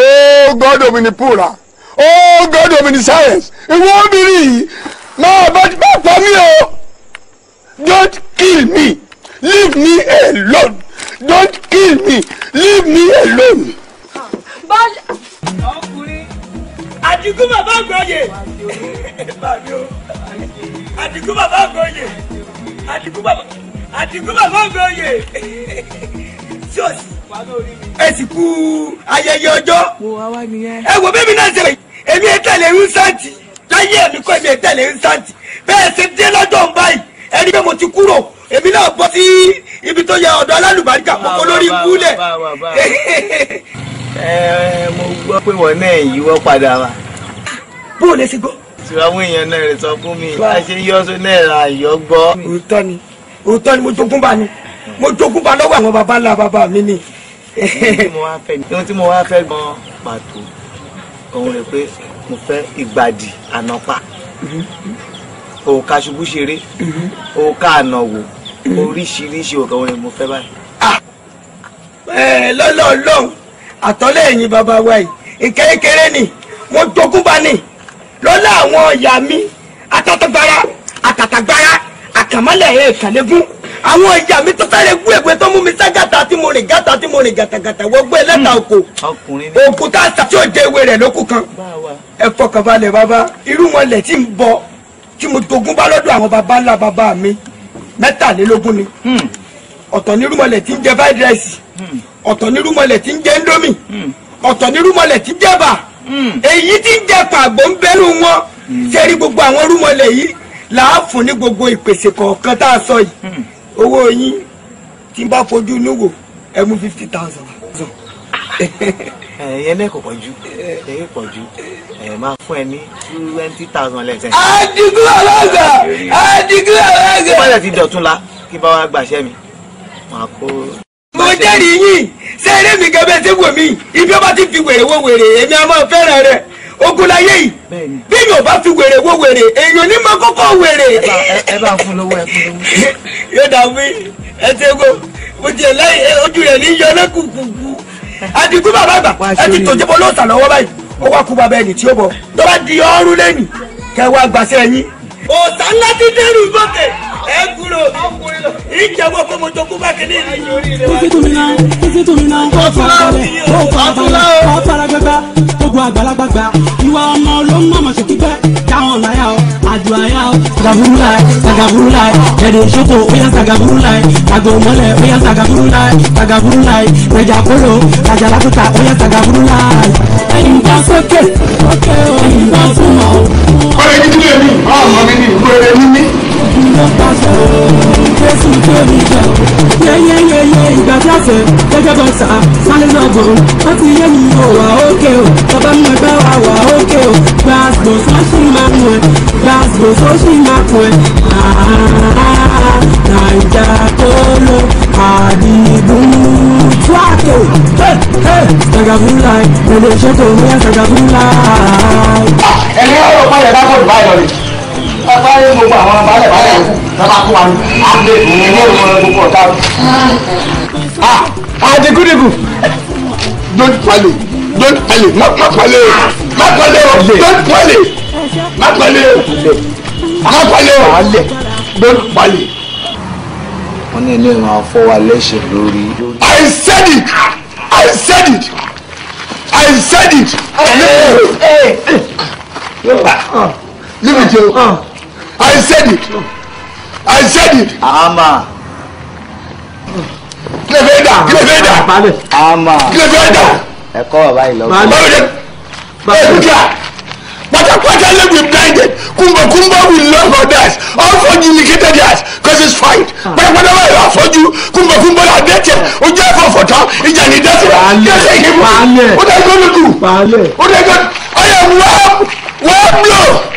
oh god omnipura oh god omniscience ìwọ obìnrin yìí máa bá bá pa mí o don't kill me leave me alone don't kill me leave me alone. baálẹ̀ ọkùnrin. àdìgún bàbá àgbọ̀yè àdìgún bàbá àgbọ̀yè àdìgún bàbá àgbọ̀yè ṣọ́ọ̀ṣì ẹ sì kú ayẹyẹ ọjọ́ ẹ wò bẹ́ẹ̀ mi náà ṣe èmi ẹ tẹ̀lé rúṣáǹtì láyé ẹ̀mí kọ́ èmi ẹ tẹ̀lé rúṣáǹtì bẹ́ẹ̀ ṣe dé lọ́jọ́ ń báyìí ẹni pé mo ti kúrò èmi náà bọ́ sí ibi tó yẹ ọ̀dọ̀ alálùbáríkà kókó lórí ikú lẹ̀. Eh, mo gbọ́ pé wọ́n náà yíwọ́ padà wá. bó o lè ṣe gbọ́. tí àwọn èèyàn náà rẹ̀ sọ fún mi bá a ṣe yọ́sọ náà ra àyọ́ gbọ́. òótọ́ ni òótọ́ ni mo jogún bá ni mo jogún bá lọ́wọ́ àwọn baba ńlá baba mi ni. ohun tí mo wá fẹ́ gan pàtó òun rẹ̀ pé mo fẹ́ ìgbàdì ànápa mhm. òòkà ṣubú ṣeré mhm. òòkà ànáwó mhm. oríṣiríṣi òòkà òun rẹ̀ mo fẹ́ báyìí. Ah! Eh, lọ́lọ́ lọ́hùn àtọ́lẹ̀ ẹ̀yìn bàbá wa yìí nǹkan ni mo jogún bá ní lọ́lá àwọn ìyá mi atatagbara atatagbara àkàmọ́lẹ̀ ẹ̀ kàlẹ́gún àwọn ìyá mi tó sáré gún ègbé tó mú mi sá gàtà tí mo rìn gàtà tí mo rìn gàtàgàtà wọgbẹ́ lẹ́tà òkò hmm. òkúta tí ó dé ewé rẹ̀ lókù kan ẹ fọkàn balẹ̀ bàbá irú wọn lẹ̀ tí ń bọ tí mo jogún bá lọ́dọ̀ àwọn baba ńlá baba mi mẹ́tàlélógún ni hmm. ọ̀tọ̀ ní irú wọn lẹ̀ tí ń jẹ fried rice hmm ọ̀tọ̀ nírúmọlẹ̀ tí ń jẹ́ ndómì hmm. ọ̀tọ̀ nírúmọlẹ̀ tí ń jẹ́bà hmm. èyí tí ń jẹ́ pàgbó ń wọn sẹ́rí hmm. gbogbo àwọn rúmọlẹ̀ yìí làá fún ní gbogbo ìpèsè kọ̀ọ̀kan tá a sọ yìí owó yín tí n bá fojú inú wò fifty thousand. ẹyẹ náà kò pọ̀jù ẹyẹ pọ̀jù ẹ máa fún ẹ ní twenty thousand lẹ́sẹ̀. adigun alága adigun alága. ó bá yẹ ti dọ̀tún la kí bá wa gbàṣẹ́ mi jẹ́rìí yín ṣé eré mi gẹ́gẹ́ ṣé wò mí ibi ọba ti fi wèrè wo wèrè èmi a máa fẹ́ràn rẹ̀ ogun láyé yìí bí yóò bá fi wèrè wo wèrè èèyàn ní máa kọ́kọ́ wèrè. ẹ bá fún lówó ẹ fún lówó. yóò dà ẹ ṣe ko mo jẹ lẹ́yìn ojú rẹ ní yọ lẹkùnkùnkùn àdìgún bàbá àgbà ẹ ti tòjú bọ lóòótọ́ lọ́wọ́ báyìí ó wá kú bàbá ẹni tí ó bọ tó bá di ọrùn lẹ́yìn kẹwàá gbàṣẹ yín. òòtá ńlá ti dẹrù bọ́tẹ̀ ẹ kúrò ọkùnrin lọ ìjẹ́wọ́ pé mo jogún bá kínní. kókè tómi náà kókè tómi náà kó farabalẹ̀ kó farabalẹ̀ kó faragbẹ́gbẹ́ gbogbo àgbàlagbàgbà ìwà ọmọ ló ń mọ̀mọ́ sókè pẹ́ dáhùn láyà o àdùn àyà o. sàgàbúrúlà sàgàbúrúlà ẹ̀dẹ̀ ìṣòkò óyá sàgàbúrúlà àgbọ̀mọ́lẹ̀ óyá sàgàbúrúlà sàgàbúrúlà ẹ̀jà kóró àjàlákùtà óyá sàgàbúrúlà. ẹ̀yin bá sókè ẹ̀yin bá súnmọ́. ọ̀rẹ́ ìdílé mi ọmọ mi ni ìwúrẹ́rẹ́ mímí tó pàṣẹ Jésù tó ní ìjọ. Yẹ́yẹ́yẹ́yẹ́ ìgbà tí a fẹ́ gẹ́gẹ́ bọ́ sá sálẹ̀ náà bọ̀. Wọ́n ti yé mi ò wá òkè o. Bàbá mi ẹgbẹ́ wa wà òkè o. Gbàgbó sọ́ọ̀ṣì máa mú ẹ. Gbàgbó sọ́ọ̀ṣì máa mú ẹ. Nàìjà tó lọ àdìgún. Tíwáàtò Sàgàbúláì, èdè ìṣètò ìmúyà Sàgàbúláì. Ẹ̀yin ọ̀rọ̀ pàdé bá kọ̀ Dubai lọ ni ọba ní gbogbo àwọn balẹ̀ balẹ̀ kù lọ́ba kó wa ní àgbẹ̀ ìlú ìwọ̀n gbogbo ọ̀tá. àdìgúdìgù ah, ah, don't pali don't pali má má pali o má pali o don't pali má pali o má pali o don't pali. wọ́n ní ilé ìran afọwọ́ lẹ́sẹ̀ lórí. I said it I said it I said it. Hey, hey, hey. Ah, leave it, Joe. I said it. I said it. Ama. Kílẹ̀fẹ́dà kílẹ̀fẹ́dà. Ama. Kílẹ̀fẹ́dà. Ẹ̀kọ́ ọ̀bá ìlọ́gbọ̀n. Bàbá mi dẹ̀. Ẹ̀dùkà. Pátápátá lè be blinded. Kumba Kumba will learn from that. All for you indicated that cause it's fine. Pátápátá wà lọ àfọ́jú. Kumba Kumba la dẹ́tẹ̀. O jẹ́ ẹ̀fọ̀fọ̀ tán. Ìjà ni dẹ́tẹ̀. Dẹ́tẹ̀ yìí mú. O dẹ́ gbọ́dọ̀ kù. O dẹ́ I am wọ́n wọ́n blow.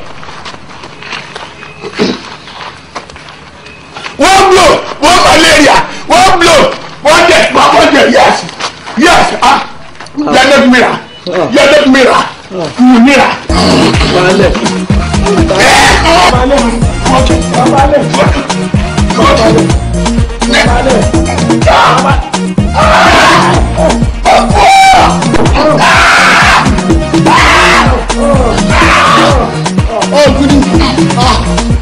One blow one malaria one blow wọ́n jẹ one jẹ yes yes ah yàtọ̀ mìíràn yàtọ̀ mìíràn mú mìíràn. balẹ̀ balẹ̀ balẹ̀ balẹ̀ balẹ̀. Oh, goody. Ah.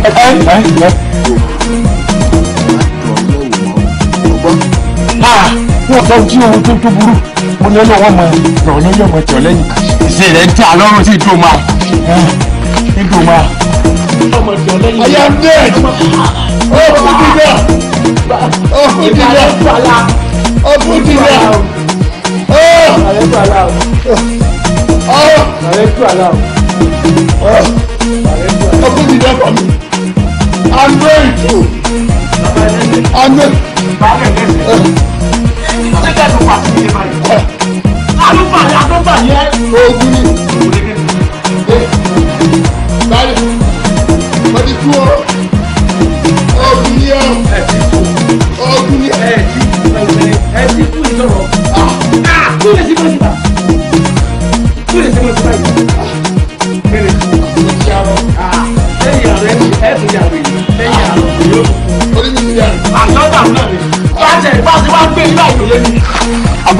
wọ́n bá ojú ohun tó tó burú mo lẹ́nu wọn mọ rọ̀ lẹ́yìn ọmọ tí lẹ́yìn. ìṣe rẹ̀ ń tà lọ́rùn sí ìdùn máa. ìdùn máa. I am dead. Oh, Fudina. Oh, Fudina. Oh, Fudina. Oh. Oh. Oh. lóyún ọ̀nà. àlùfáà àtọ́gbà yẹn. oògùn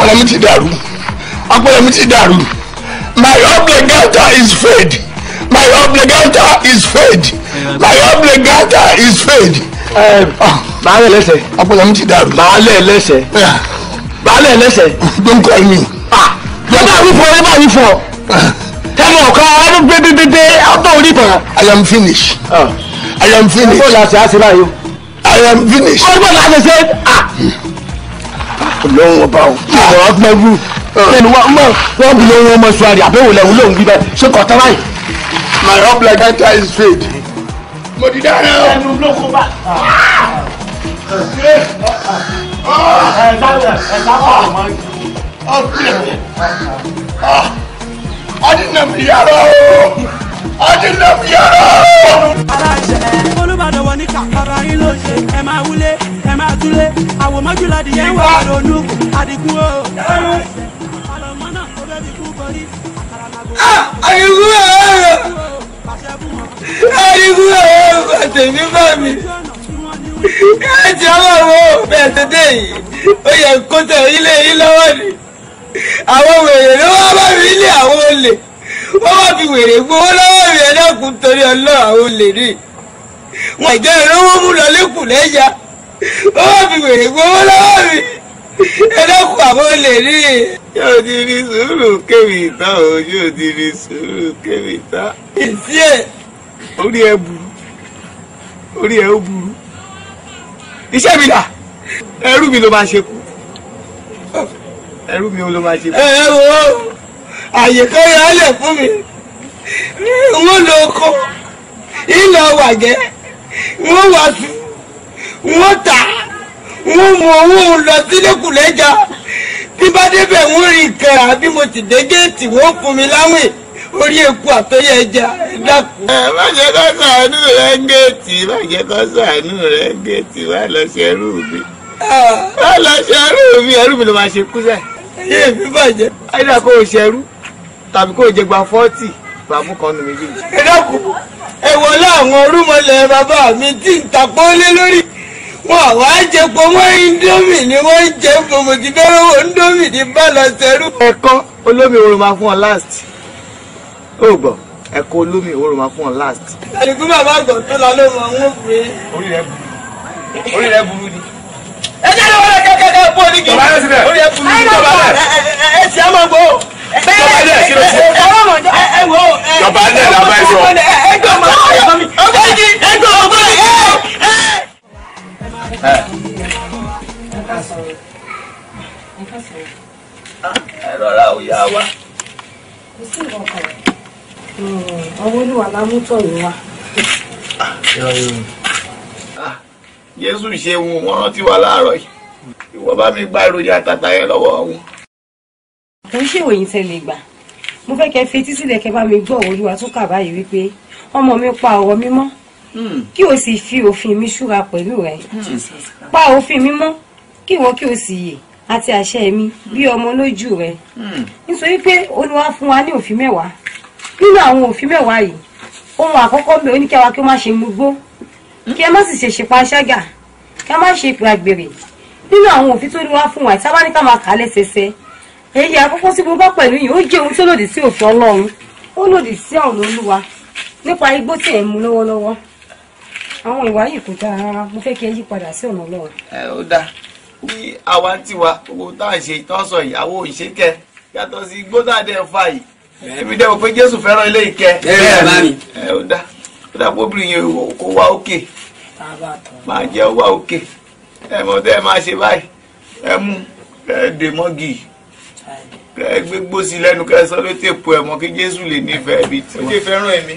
gbà mi ti dàrú agbára mi ti dàrú my obligator is fade my obligator is fade my obligator is fade. ẹ máa lẹ lẹsẹ. agbára mi ti dàrú. máa lẹ lẹsẹ. máa lẹ lẹsẹ. don't cry me. yàrá ah, àwífọ ẹ bá àwífọ tẹ́lẹ̀ ọ̀kan ọdún gbẹdẹdẹdẹ ọdún orí kan. i am finished. Ah. i am finished. ọgbọ́n la ṣe àṣìbáyé. i am finished. ọgbọ́n la ṣe ṣe. Ah ọlọ́run ọba o ọ̀rọ̀ gbẹ́rù lẹ́nu wa mọ̀ wọ́n bí lóhun ọmọ suwari àbẹ̀wò lẹ́hùn lóhun bíbẹ̀ ṣé kọ̀tà báyìí. my up like that tie is straight. mo ti dáná o. ẹnu ló kó bá. Adinamiyara o! Adinamiyara o! Olúbàdàn wọ ní kàkàrà yín ló ṣe ẹ máa wúlé àtúlé àwòmọ́jú láti yẹn wà lónú àdìgún o. àlọ́mọ náà ó bẹ́ẹ̀ bí kú borí àkàrà màgbó. àdìgún ọ̀rọ̀ àdìgún ọ̀rọ̀ kò tèmi bá mi. káàtì àwọn ọmọ òfin àtẹ̀tẹ̀ yìí ó yẹ kó tẹ ilé yìí lọ́wọ́ ni àwọn wèrè ló wá bá mi ilé àwọn olè wọ́n wá fi wèrè gbowó lọ́wọ́ mi ẹ̀dá kùn torí ọlọ́run àwọn olè rí wọn ìjọ ìrówó mú lọ lẹ́kùn lẹ́yà ó fi wèrè gbowó lọ́wọ́ mi ẹlẹ́kùn àbọ̀ lè rí i. yóò di rí sùúrù kéwì ìta o yóò di rí sùúrù kéwì ìta. èsì ẹ̀. orí ẹ burú orí ẹ ó burú iṣẹ́ mi là ẹrú mi ló máa ṣe kú ẹrú mi ló máa ṣe kú. ẹ ẹ wo àyè kan yà á lẹ̀ fún mi wọ́n lọ kọ́ ìlọ wàgẹ́ wọ́n wá sí i wọ́n tà wọ́n mú owó lọ sílékùlẹ́jà tí bá débẹ̀ wọ́n rí kẹrà bí mo ti dé géètì wọ́n fún mi láwìn orí eku àtọyẹ ẹja dákun. ẹ má jẹ́ kó ṣàánú rẹ géètì má jẹ́ kó ṣàánú rẹ géètì wá lọ ṣẹrú mi ah. wá lọ ṣẹrú mi ẹrú mi ló máa ṣe kú sẹ. ẹyẹ mi bàjẹ́. ayédà kó o ṣẹrú tàbí kó o jẹ gba fọ́ọ̀tì bàbá kan nù méjèèjì. ẹ dákun ẹ wọlé àwọn orúmọlẹ̀ bàbá mi tí ń tàpọ́ lé lórí wọn wá jẹ pé wọn indomie ni wọn ń jẹ fòmùtìdọ́rọ̀wọ̀ indomie ní bàlọ́sẹ̀rù. ẹ̀kọ́ olómi oorun máa fún ọ last ó gbọ́ ẹ̀kọ́ olómi oorun máa fún ọ last. àdìgún bàbá àgbọ̀ tó la ló mọ wọn fún mi. orí rẹ burú orí rẹ burú ni. ẹ jẹ́ àwọn ọ̀rẹ́ kẹ́kẹ́ bó ní kí orí rẹ burú ni jọba rẹ. ẹ ṣì á máa gbọ́. jọba rẹ kí ló ṣe. ẹ wọ́n mọ̀ ẹ wọ́n. jọba rẹ làbá ẹ sọ. ẹ rọra ò wa. ọwọ́ olúwa lámútọ̀ yìí wá. Jésù ṣe wù wọ́n rántí wa láàárọ̀ yìí ìwọ bá mi gba ìròyìn àtàtà yẹn lọ́wọ́ wọn. kò ń ṣèwòyìn tẹ́lẹ̀ gbà mo fẹ́ kẹ́ fetí sílẹ̀ kẹ́ bá mi gbọ́ òwúlúwa tó báyìí wípé ọmọ mi pa ọ̀wọ́ mi kí o sì fi òfin mi ṣúra pẹ̀lú rẹ pa òfin mi mọ́ kí ìwọ kí o sì yè àti àṣẹ mi bí ọmọ lójú rẹ nítorí pé olúwa fún wa ní òfin mẹ́wàá nínú àwọn òfin mẹ́wàá yìí ohun àkọ́kọ́ bẹ̀ ó ní kí àwa kí ó má ṣe mugbó kí ẹ má sì ṣèṣe pa ṣágà kí a má ṣe ìpè àgbèrè nínú àwọn òfin tó olúwa fún wa ìta bá ní ká máa kà á lẹ́sẹsẹ èyí àkọ́kọ́ tí mo bá pẹ̀lú yìí ó jẹ́ ohun tó lòdì sí òfin ọlọ́run ó lòdì sí ọ̀rọ̀ olúwa nípa igbó tí ẹ̀ ń lọ́wọ́lọ́wọ́ àwọn ìwà yìí kò dáa rárá mo fẹ́ kí ẹ yí padà sí ọ̀nà ọlọ́run. ẹ ó dáa ní àwa tiwa owó tá à ń ṣe ìtọ́sọ yìí àwọn òṣèkẹ yàtọ̀ sí gbódàdé ẹ̀fà yìí èmi dẹ́wọ̀ pé jésù fẹ́ràn ilé ìkẹ́. bẹ́ẹ̀ bá mi. ẹ ó dáa ó dáa kóbìnrin yẹn kó wa òkè máa jẹ́ wa òkè ẹ mọ̀ tẹ́ ẹ máa ṣe báyìí ẹ mú ẹ dè mọ́gì ẹ gbégbó sí lẹ́nu kẹsàn-án ló tẹ̀ po ẹ̀ mọ́ kí jésù lè nífẹ̀ẹ́ bíi tiwọn. ó ti fẹ́ràn èmi.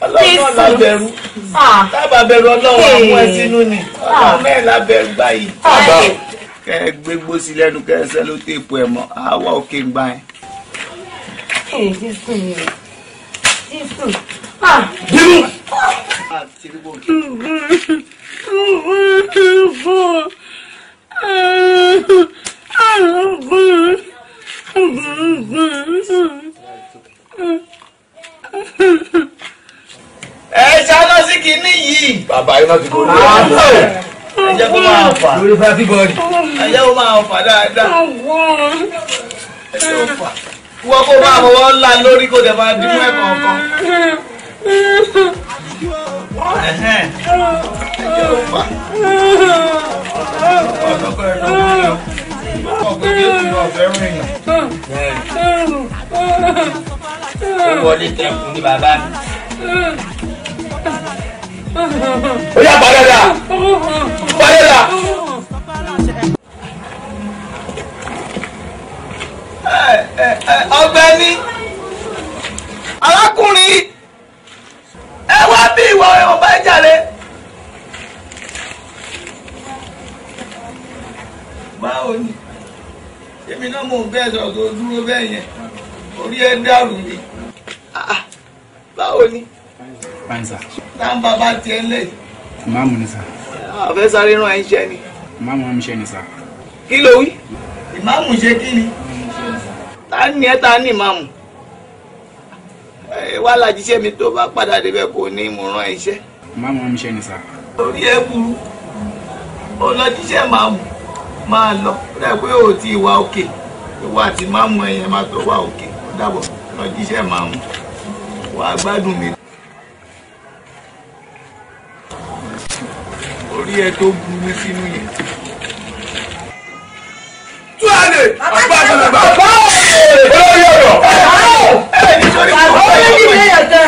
ọlọ́run ah bẹ̀rù tábà bẹ̀rù ọlọ́run àwọn ẹ̀sìnú ni ọlọ́run náà la bẹ̀rù báyìí kẹ ẹ gbé gbósì lẹ́nu kẹ ẹ sẹ́ ló téèpù ẹ̀ mọ́ àwa òkè ń gbà yẹn. jésù bímú. Mm-hmm ẹ ṣáná sí kinní yìí. bàbá yìí náà ti kó lórí ẹ ẹ jẹ́ kó máa fà lórí fàtí bọ́ọ̀dì ẹ jẹ́ kó máa fà dáadáa ẹ jẹ́ kó fà wọ́n kó máa fọwọ́ ńlá lórí kó dẹ̀ máa dín mẹ́kàn kan. ẹ jẹ́ kó fà ọ̀dọ́kọ̀ ẹ̀ náà ọ̀gbẹ́ bí ó ti lọ fẹ́ràn èèyàn. ó wọlé tẹkùn ní bàbá mi ó yà parẹ́ dà parẹ́ arákùnrin ẹ wá bí ìwọ ọba ẹ báwo ni èmi náà mò ń bẹ́ sọ̀rọ̀ tó dúró bẹ́ẹ̀ yẹn orí ẹ dàrú ni ah, ah. báwo ni báyìí sà. nọ́mbà bá tiẹ̀ lẹ̀. ìmáàmù ni sà. àfẹ́ sáré ràn ẹ́ ń ṣe ni. ìmáàmù ń ṣe ni sà. kí ló wí. ìmáàmù ṣe kí ni. ta ni ẹ ta ni ìmáàmù. wá lajíṣẹ́ mi tó bá padà débẹ̀ kò ní mo rán ẹ iṣẹ́. ìmáàmù ń ṣe ni sà. orí ẹ burú ọlọ́jíṣẹ́ máàmù máa lọ rẹ̀ pé ò ti wà òkè ìwà àti máàmù ẹ̀yẹn máa tó wà òkè dàbọ̀ ọlọ́jíṣẹ́ máàmù wàá gbádùn mi. orí ẹ tó burú sínú yẹn. túwálé ọgbà àgbàlagbà olórí ọ̀rọ̀ ẹ ní sórí kò ó ní ìwé yẹn tẹ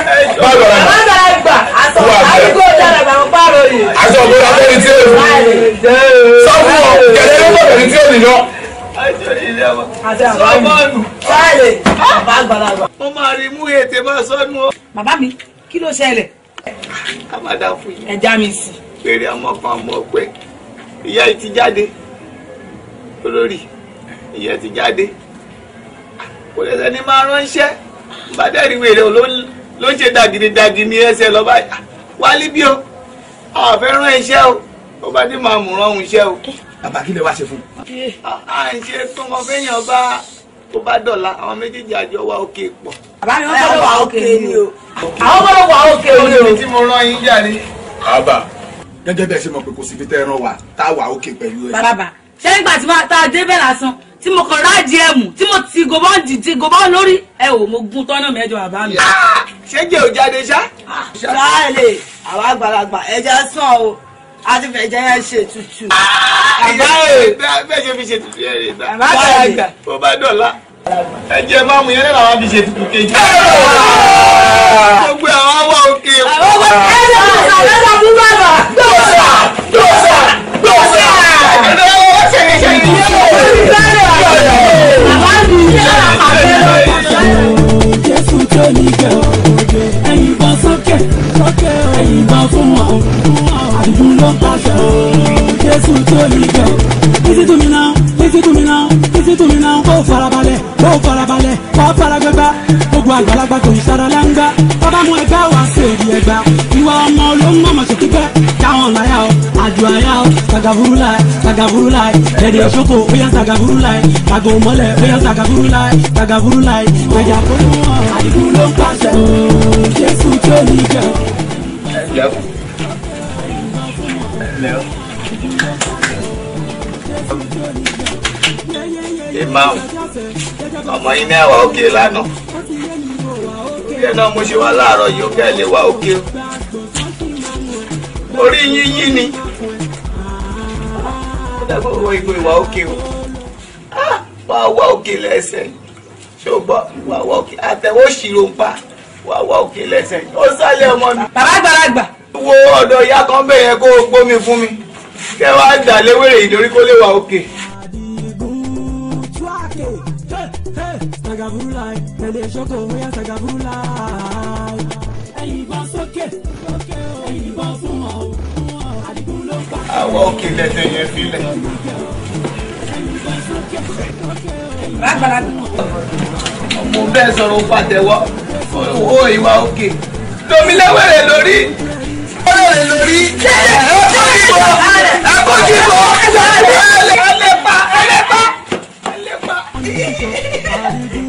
àgbàlagbà àtọ àdúgbò dàgbà ń pààrọ̀ yìí. aṣọ ògbóni abẹ́ni tí ó lù sọ fún ọ kẹlẹ́ ló bọ̀ bẹ̀rẹ̀ tí ó lù yọ. sọ́mọ́nù táyé bàbá àgbàlagbà. mo máa rí mú ètè máa sọ́nù o. bàbá mi kí ló ṣẹlẹ̀. a máa dà fún yín. ẹ já mi sí i pèrè ọmọ kan ọmọ ọpẹ ìyá yìí ti jáde olórí ìyá ti jáde kò lẹsẹ ní máa ránṣẹ́ bàdẹ́rì wèrè ló ń ṣe dàgìdì dàgìdì ẹsẹ̀ lọ́ba ah, wálé bí o àfẹ́ràn iṣẹ́ o ó bá dé máa mú rọrùn iṣẹ́ o. bàbá kí lè wá ṣe fún un. Ah, à ń ṣe tó mọ fẹ́yàn bá tó bá dọ̀la àwọn méjèèjì àjọ wa òkè pọ̀. bàbá mi wọ́n bá wà òkè ni o àwọn bá wà òkè ni o. ó ní ti mo rán yín jáde. bàbá gẹ́gẹ́ bẹ́ẹ̀ ṣe mọ̀ pé kò síbi tẹ́ ẹran wà tá a wà òkè pẹ̀lú ẹ. bàbá ṣé nígbà tí tá a débẹ̀ lásán tí mo kàn ráàdì ẹ mù tí mo ti gòbọ́n dìde gòbọ́n lórí ẹ ò mo gun tọ́nà mẹ́jọ bàbá mi. ṣé jẹ́ òjáde ṣá. Ah, ṣáàlè àwa àgbàlagbà ẹja sàn o a ti fẹ́ jẹ́ yẹn ṣe tutù. Ah, àbáyé bẹ́ẹ̀ ṣe fi ṣe tutù yẹn rí ta. àbáyé bọ́ bá dọ̀la ẹjẹ máa mú yẹn ní làwọn fi ṣe tuntun kejì. gbogbo àwọn wà òkè. àwọn wà òkè. ẹ lọ sọ ẹ lọ mú bàbà. dọ́sà dọ́sà dọ́sà. ẹ lọ wọ́n ṣẹlẹ̀ ṣẹlẹ̀ yẹn lọ. gbà ìwà ọmọ ló ń mọ̀mọ̀ sí pípẹ́ táwọn láyà ọ àjò àyà ọ sàgàbúrú láì sàgàbúrú láì dẹ̀dẹ̀ ṣoko bóyá sàgàbúrú láì sàgò mọ́lẹ̀ bóyá sàgàbúrú láì sàgàbúrú láì gbẹ̀jà kó mú ọ àdìgún ló ń pàṣẹ ooo Jésù tó ní jẹ. Imam, ọmọ yín mẹ́wàá òkè lánàá torí ẹ̀ mo ṣe wá láàárọ̀ yìí ó kẹ́ lè wá òkè orí yín yín ni ó dàgbọ́ wọ ìgò ìwà òkè o ah, wà á wá òkè lẹ́sẹ̀ ṣùgbọ́n wà á wá òkè àtẹ̀wọ́ ṣìrò ń pa wà á wá òkè lẹ́sẹ̀ ó sálẹ̀ ọmọ mi. bàbá àgbàlagbà. wo ọ̀dọ̀ ìyá kan bẹ̀yẹn kó o gbómi fún mi kẹ́ wàá dà léwèrè ìdórí kó lè wà òkè. Sagaburu Live tẹ̀lé ṣoko bóyá Sagaburu Live. ẹ̀yìn ìbọn sókè ẹ̀yìn ìbọn fún ọ àdìgún ló pa. àwọn òkè lẹ́tẹ̀ yẹn filẹ̀. ọmọ bẹ́ẹ̀ sọ̀rọ̀ ó pàtẹ́wọ́ owó ìwà òkè lómi lẹ́wẹ̀rẹ̀ lórí lẹ́wẹ̀rẹ̀ lórí ẹ̀kọ́jìbọ̀ ẹ̀kọ́jìbọ̀ ẹ̀lẹ́pa ẹ̀lẹ́pa ẹ̀lẹ́pa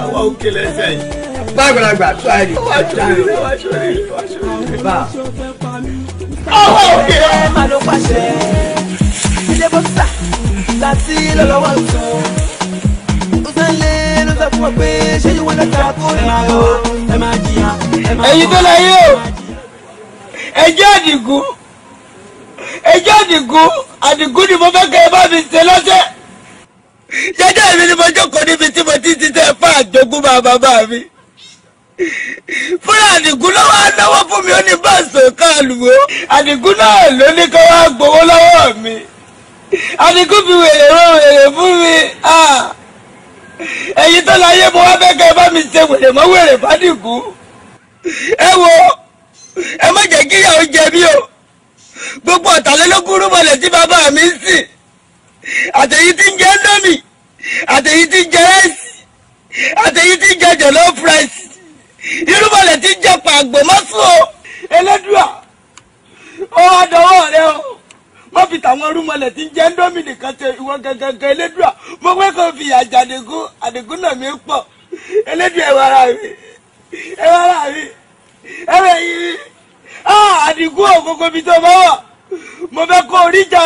àwa òkè lẹ́sẹ̀ yìí. gbàgbàgbà tó àyè. wàá sori wàá sori wàá sori. bá a. ọwọ́ òkè. ẹ máa ló pàṣẹ ilé bọ́sà láti lọ́lọ́wọ́ tó. Sẹ́lẹ̀ ló sọ fún ọ pé ṣé yíwọ́ lọ́ta kó máa yọ ẹ máa jìyà ẹ máa jìyà. Ẹ̀yin tó lọ yé o, ẹ Àdìgún, ẹ Àdìgún, Àdìgún ni mo fẹ́ kẹ́ ẹ bá mi ṣe lọ́sẹ̀ jẹjẹ mi ni mo jókòó níbi tí mo ti ti tẹ fún àjogún bàbá mi fúlàní gún ló wá lọ́wọ́ fún mi ó ní báàsì káàlùwò àdìgún náà ló ní kó wá gbowó lọ́wọ́ mi àdìgún fi wèrè ró wèrè fún mi ẹ̀yin tó láyé mo wá fẹ́ kẹ́ ẹ bá mi ṣe wèrè mọ́ wèrè fádìgún ẹ wo ẹ má jẹ́ kíyàwó jẹ mí o gbogbo ọ̀tàlélógún rúbọ̀lẹ̀ tí bàbá mi ń sìn. àtẹ̀yí tí ndomi àtẹ̀yí tí ń jẹ rẹ́sì àtẹ̀yí tí ti jẹ jọ̀lọ́ fúrẹ́sì jẹ o ó wá rẹ o fi tàwọn jẹ ndomi nìkan ṣe ìwọ mo pẹ́ fi àjà àdìgún àdìgún náà mi pọ, ẹlẹ́dùà ẹ̀wọ̀ ara mi ẹ̀wọ̀ ara mi ẹ̀wọ̀ àdìgún mi wà mo fẹ́ kó oríjà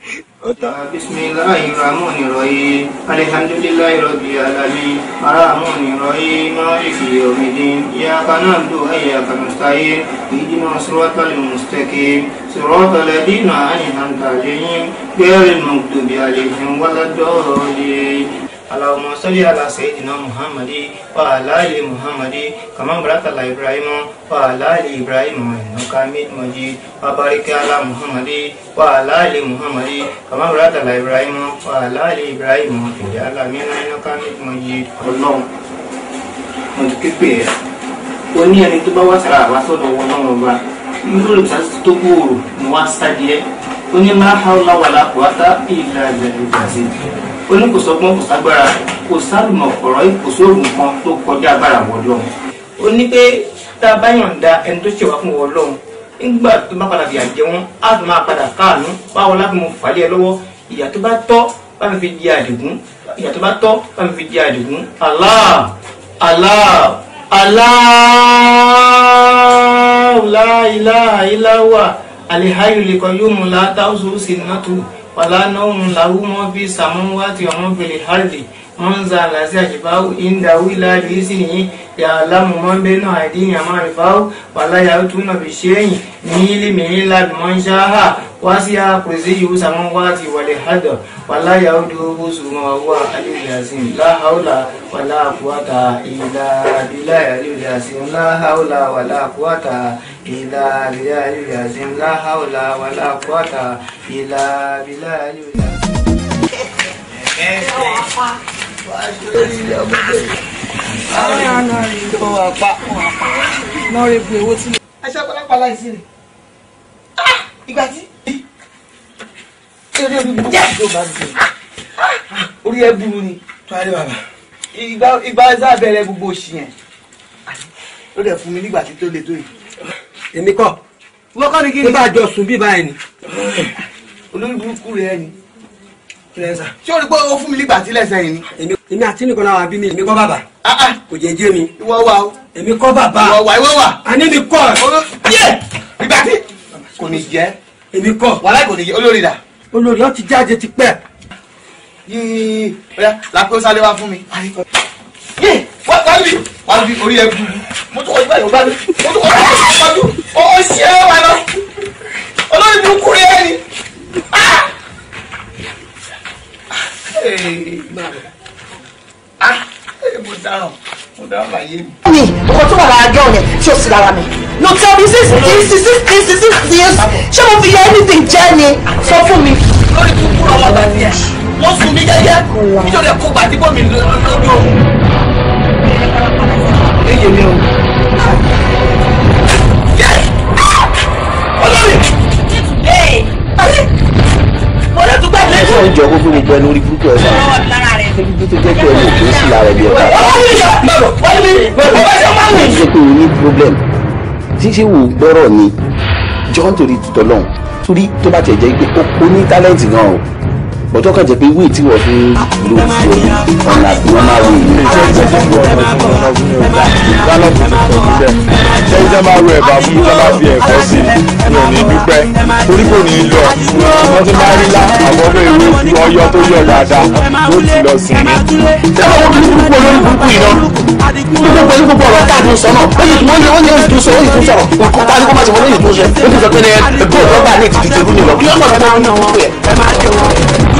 Bismillahirrahmanirrahim. rahmani rahim alihamdulilayi rabi alami rahmani rahim maliki yomidin iyaka nabdu wa iyaka nasta'in idina suratal mustaqim suratal ladina an'amta alayhim ghayril maghdubi alayhim waladdallin اللهم صل على سيدنا محمد وعلى ال محمد كما باركت على ابراهيم وعلى ال ابراهيم انك حميد مجيد وبارك على محمد وعلى ال محمد كما باركت على ابراهيم وعلى ال ابراهيم في العالمين انك حميد مجيد اللهم ó ní ẹni tó bá wá sára àwa sọ́dọ̀ wọn náà ọba irú rẹ̀ sáré tó gbòòrò ni wọ́n á sá díẹ̀ ó ní máa ń ha ọ́ láwàlá kó á tá ìlà ìgbà ìgbà sí i oníkòsọ́gbọ́n kò ságbára kò sálùmọ̀ ọ̀rọ̀ ìkòsóòrùn kan tó kọjá agbára wọ lọ́hùn. ó ní pé tá a bá yọ̀ǹda ẹni tó ṣèwà fún wọ lọ́hùn nígbà tó bá padà bìyà jẹ wọn á tún máa padà káàánú báwo láti mú fàlẹ́ lọ́wọ́ ìyà tó bá tọ́ bá mi fi di àdìgún ìyà tó bá tọ́ bá mi fi di àdìgún Allah Allah Allah la ilaha illa huwa alhayyul qayyum la ta'khudhuhu sinatun wàlá náà ń làwùmọ́ bí sàmúwá ti ọmọbìnrin harley munzala syacipau indawu ila liisini ya alamu mombeno adini ya marifau wala yautuno vishenyi miili miila bimonshaha wasiya kuziyi wale walihado wala yauduhu sumawa aliyasim la haula wala kuwata ila bila aliyasim la haula wala kuwata ila bila aliyasim la haula wala kuwata ila bila aliyasim Yes. aṣọ pálápàá láìsí rẹ̀ ìgbà tí eré orí burúkú tó bá ti sèé orí ẹ burú ni ìgbà ẹ̀sà bẹ̀rẹ̀ gbogbo òṣì yẹn ló dẹ̀ fún mi nígbà tí tó le tó yìí. èmi kọ́ wọ́n kọ́ ni kí ni. nígbà jọ sùn bí báyìí ni. olórí burúkú rẹ̀ ni ṣé o rí pé o fún mi nígbà tí lẹ́sẹ̀ yìí ni. èmi àti nìkan náà wà bí mi èmi kọ́ bàbá ah, ah. kò jẹ́ jẹ́ mi. ìwọ wa o. èmi kọ́ bàbá. ìwọ wa ìwọ wa. àní mi kọ́ ẹ. ìgbà tí kò ní jẹ́. èmi kọ́. wàhálà kò ní jẹ́ olórí dà. olórí ọ ti jáde ti pẹ́. yíyí ọ̀yá làpẹ́ ó sálẹ̀ wá fún mi. yé wá kábí wá bí orí ẹ bu mo tún kọ́ ìgbà yóò bá mi mo tún kọ́ ìgbà yóò bá mi ó ṣe é wà lọ olórí burúkú rẹ ni. Ah! mo dáhùn mo dáhùn láyé mi. mi ọkọ tó wà lára gẹ́ọ̀ yẹn tí o sì lára mi no tell me six six six six six years ṣé mo fi yẹ anything jẹ́ ni sọ fún mi. lórí kúkú ọmọ bàbí ẹ wọ́n sun mi gẹ́gẹ́ nítorí ẹ̀kọ́ gbàdúgbò mi lójú òun. ẹ yẹ mi o. náà jọ kó fún gbogbo ẹni orí burúkú ẹ sá níbi tó jẹ́ pé ẹni òkè ó sì lára ẹbí ọ̀tá ó jẹ́ pé o ní problem ṣíṣe wò gbọ́rọ̀ ni jọ́ nítorí tutọ́ lọ́hùn torí tó bá tẹ̀ jẹ́ pé o ní tálẹ́ǹtì gan o bọ́tọ́ kàn jẹ́ pé wíì tí wọ́n fi lò sí ọ̀nà tí wọ́n máa wí ilé iṣẹ́ ìjọba tó wọ́n máa fi ọ̀nà fún yóò dá gálọ́ọ̀bù tó tọ̀ síbẹ̀ lẹ́yìn tí wọ́n máa wọ ẹ̀bà fún tí wọ́n bá fi ẹ̀fọ́ sí i yóò ní dúpẹ́ torí kò ní lọ wọ́n ti máa rí lá àwọn ọmọ ìwé ọyọ tó yọ dáadáa ló ti lọ sí i. ṣé àwọn ọmọ ìlú kúkú olórí burúkú yìí náà gbogbo pẹ̀lú gbogbo ọ̀rọ̀ tá a dùn sọ́nà lóyè tó ń lé oúnjẹ oṣù tó sọ oúnjẹ tó sọ̀rọ̀ nǹkan tá a ní kó má ṣe wọ́n lóyè tó ń ṣe ó sọ pé ẹ bó ìjọba ní ìtìtì tẹ̀lú nìlọ kí ló ń bọ̀ lọ́wọ́ ní ọ̀hún rẹ̀.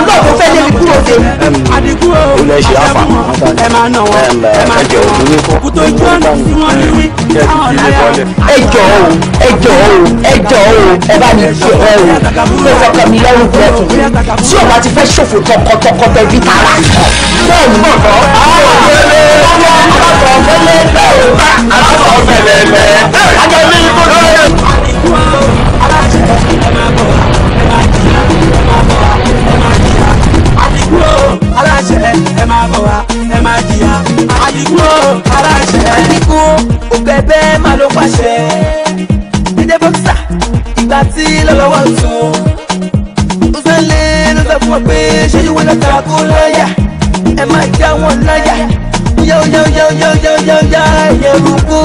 tó lọ tó fẹ́ lébi kúrò dé. ó lè ṣe àfà ẹjọ òdúró kọ kó tó jọ ní wọn ní wí. ẹjọ o ẹjọ o ẹjọ o ẹ bá mi jẹ ọ o mo fọkàn mi lọ́rùn bọ̀tún tí o bá ti fẹ́ ṣòfò tọkọtọkọ bẹ́ẹ̀ bí tara kan. bẹ́ẹ̀ ni bọ̀tọ̀ àbọ̀tọ̀ fẹ́lẹ́ bẹ́ẹ̀ o àbọ̀tọ̀ fẹ́lẹ́ bẹ́ẹ̀. àjọ ní ìbọn náà. aláṣẹ ẹ máa bọ̀ wá ẹ máa jìyà àdìkú aláṣẹ. àdìkú ògbẹ́bẹ́ máa ló pàṣẹ dídé bọ́ksà ìgbà tí lọ́lọ́wọ́ tún ó fẹ́ lé ló sọ fún ọ pé ṣé ìwé lọ́ta kó lọ́ọ̀yà ẹ máa já wọn láyà yóò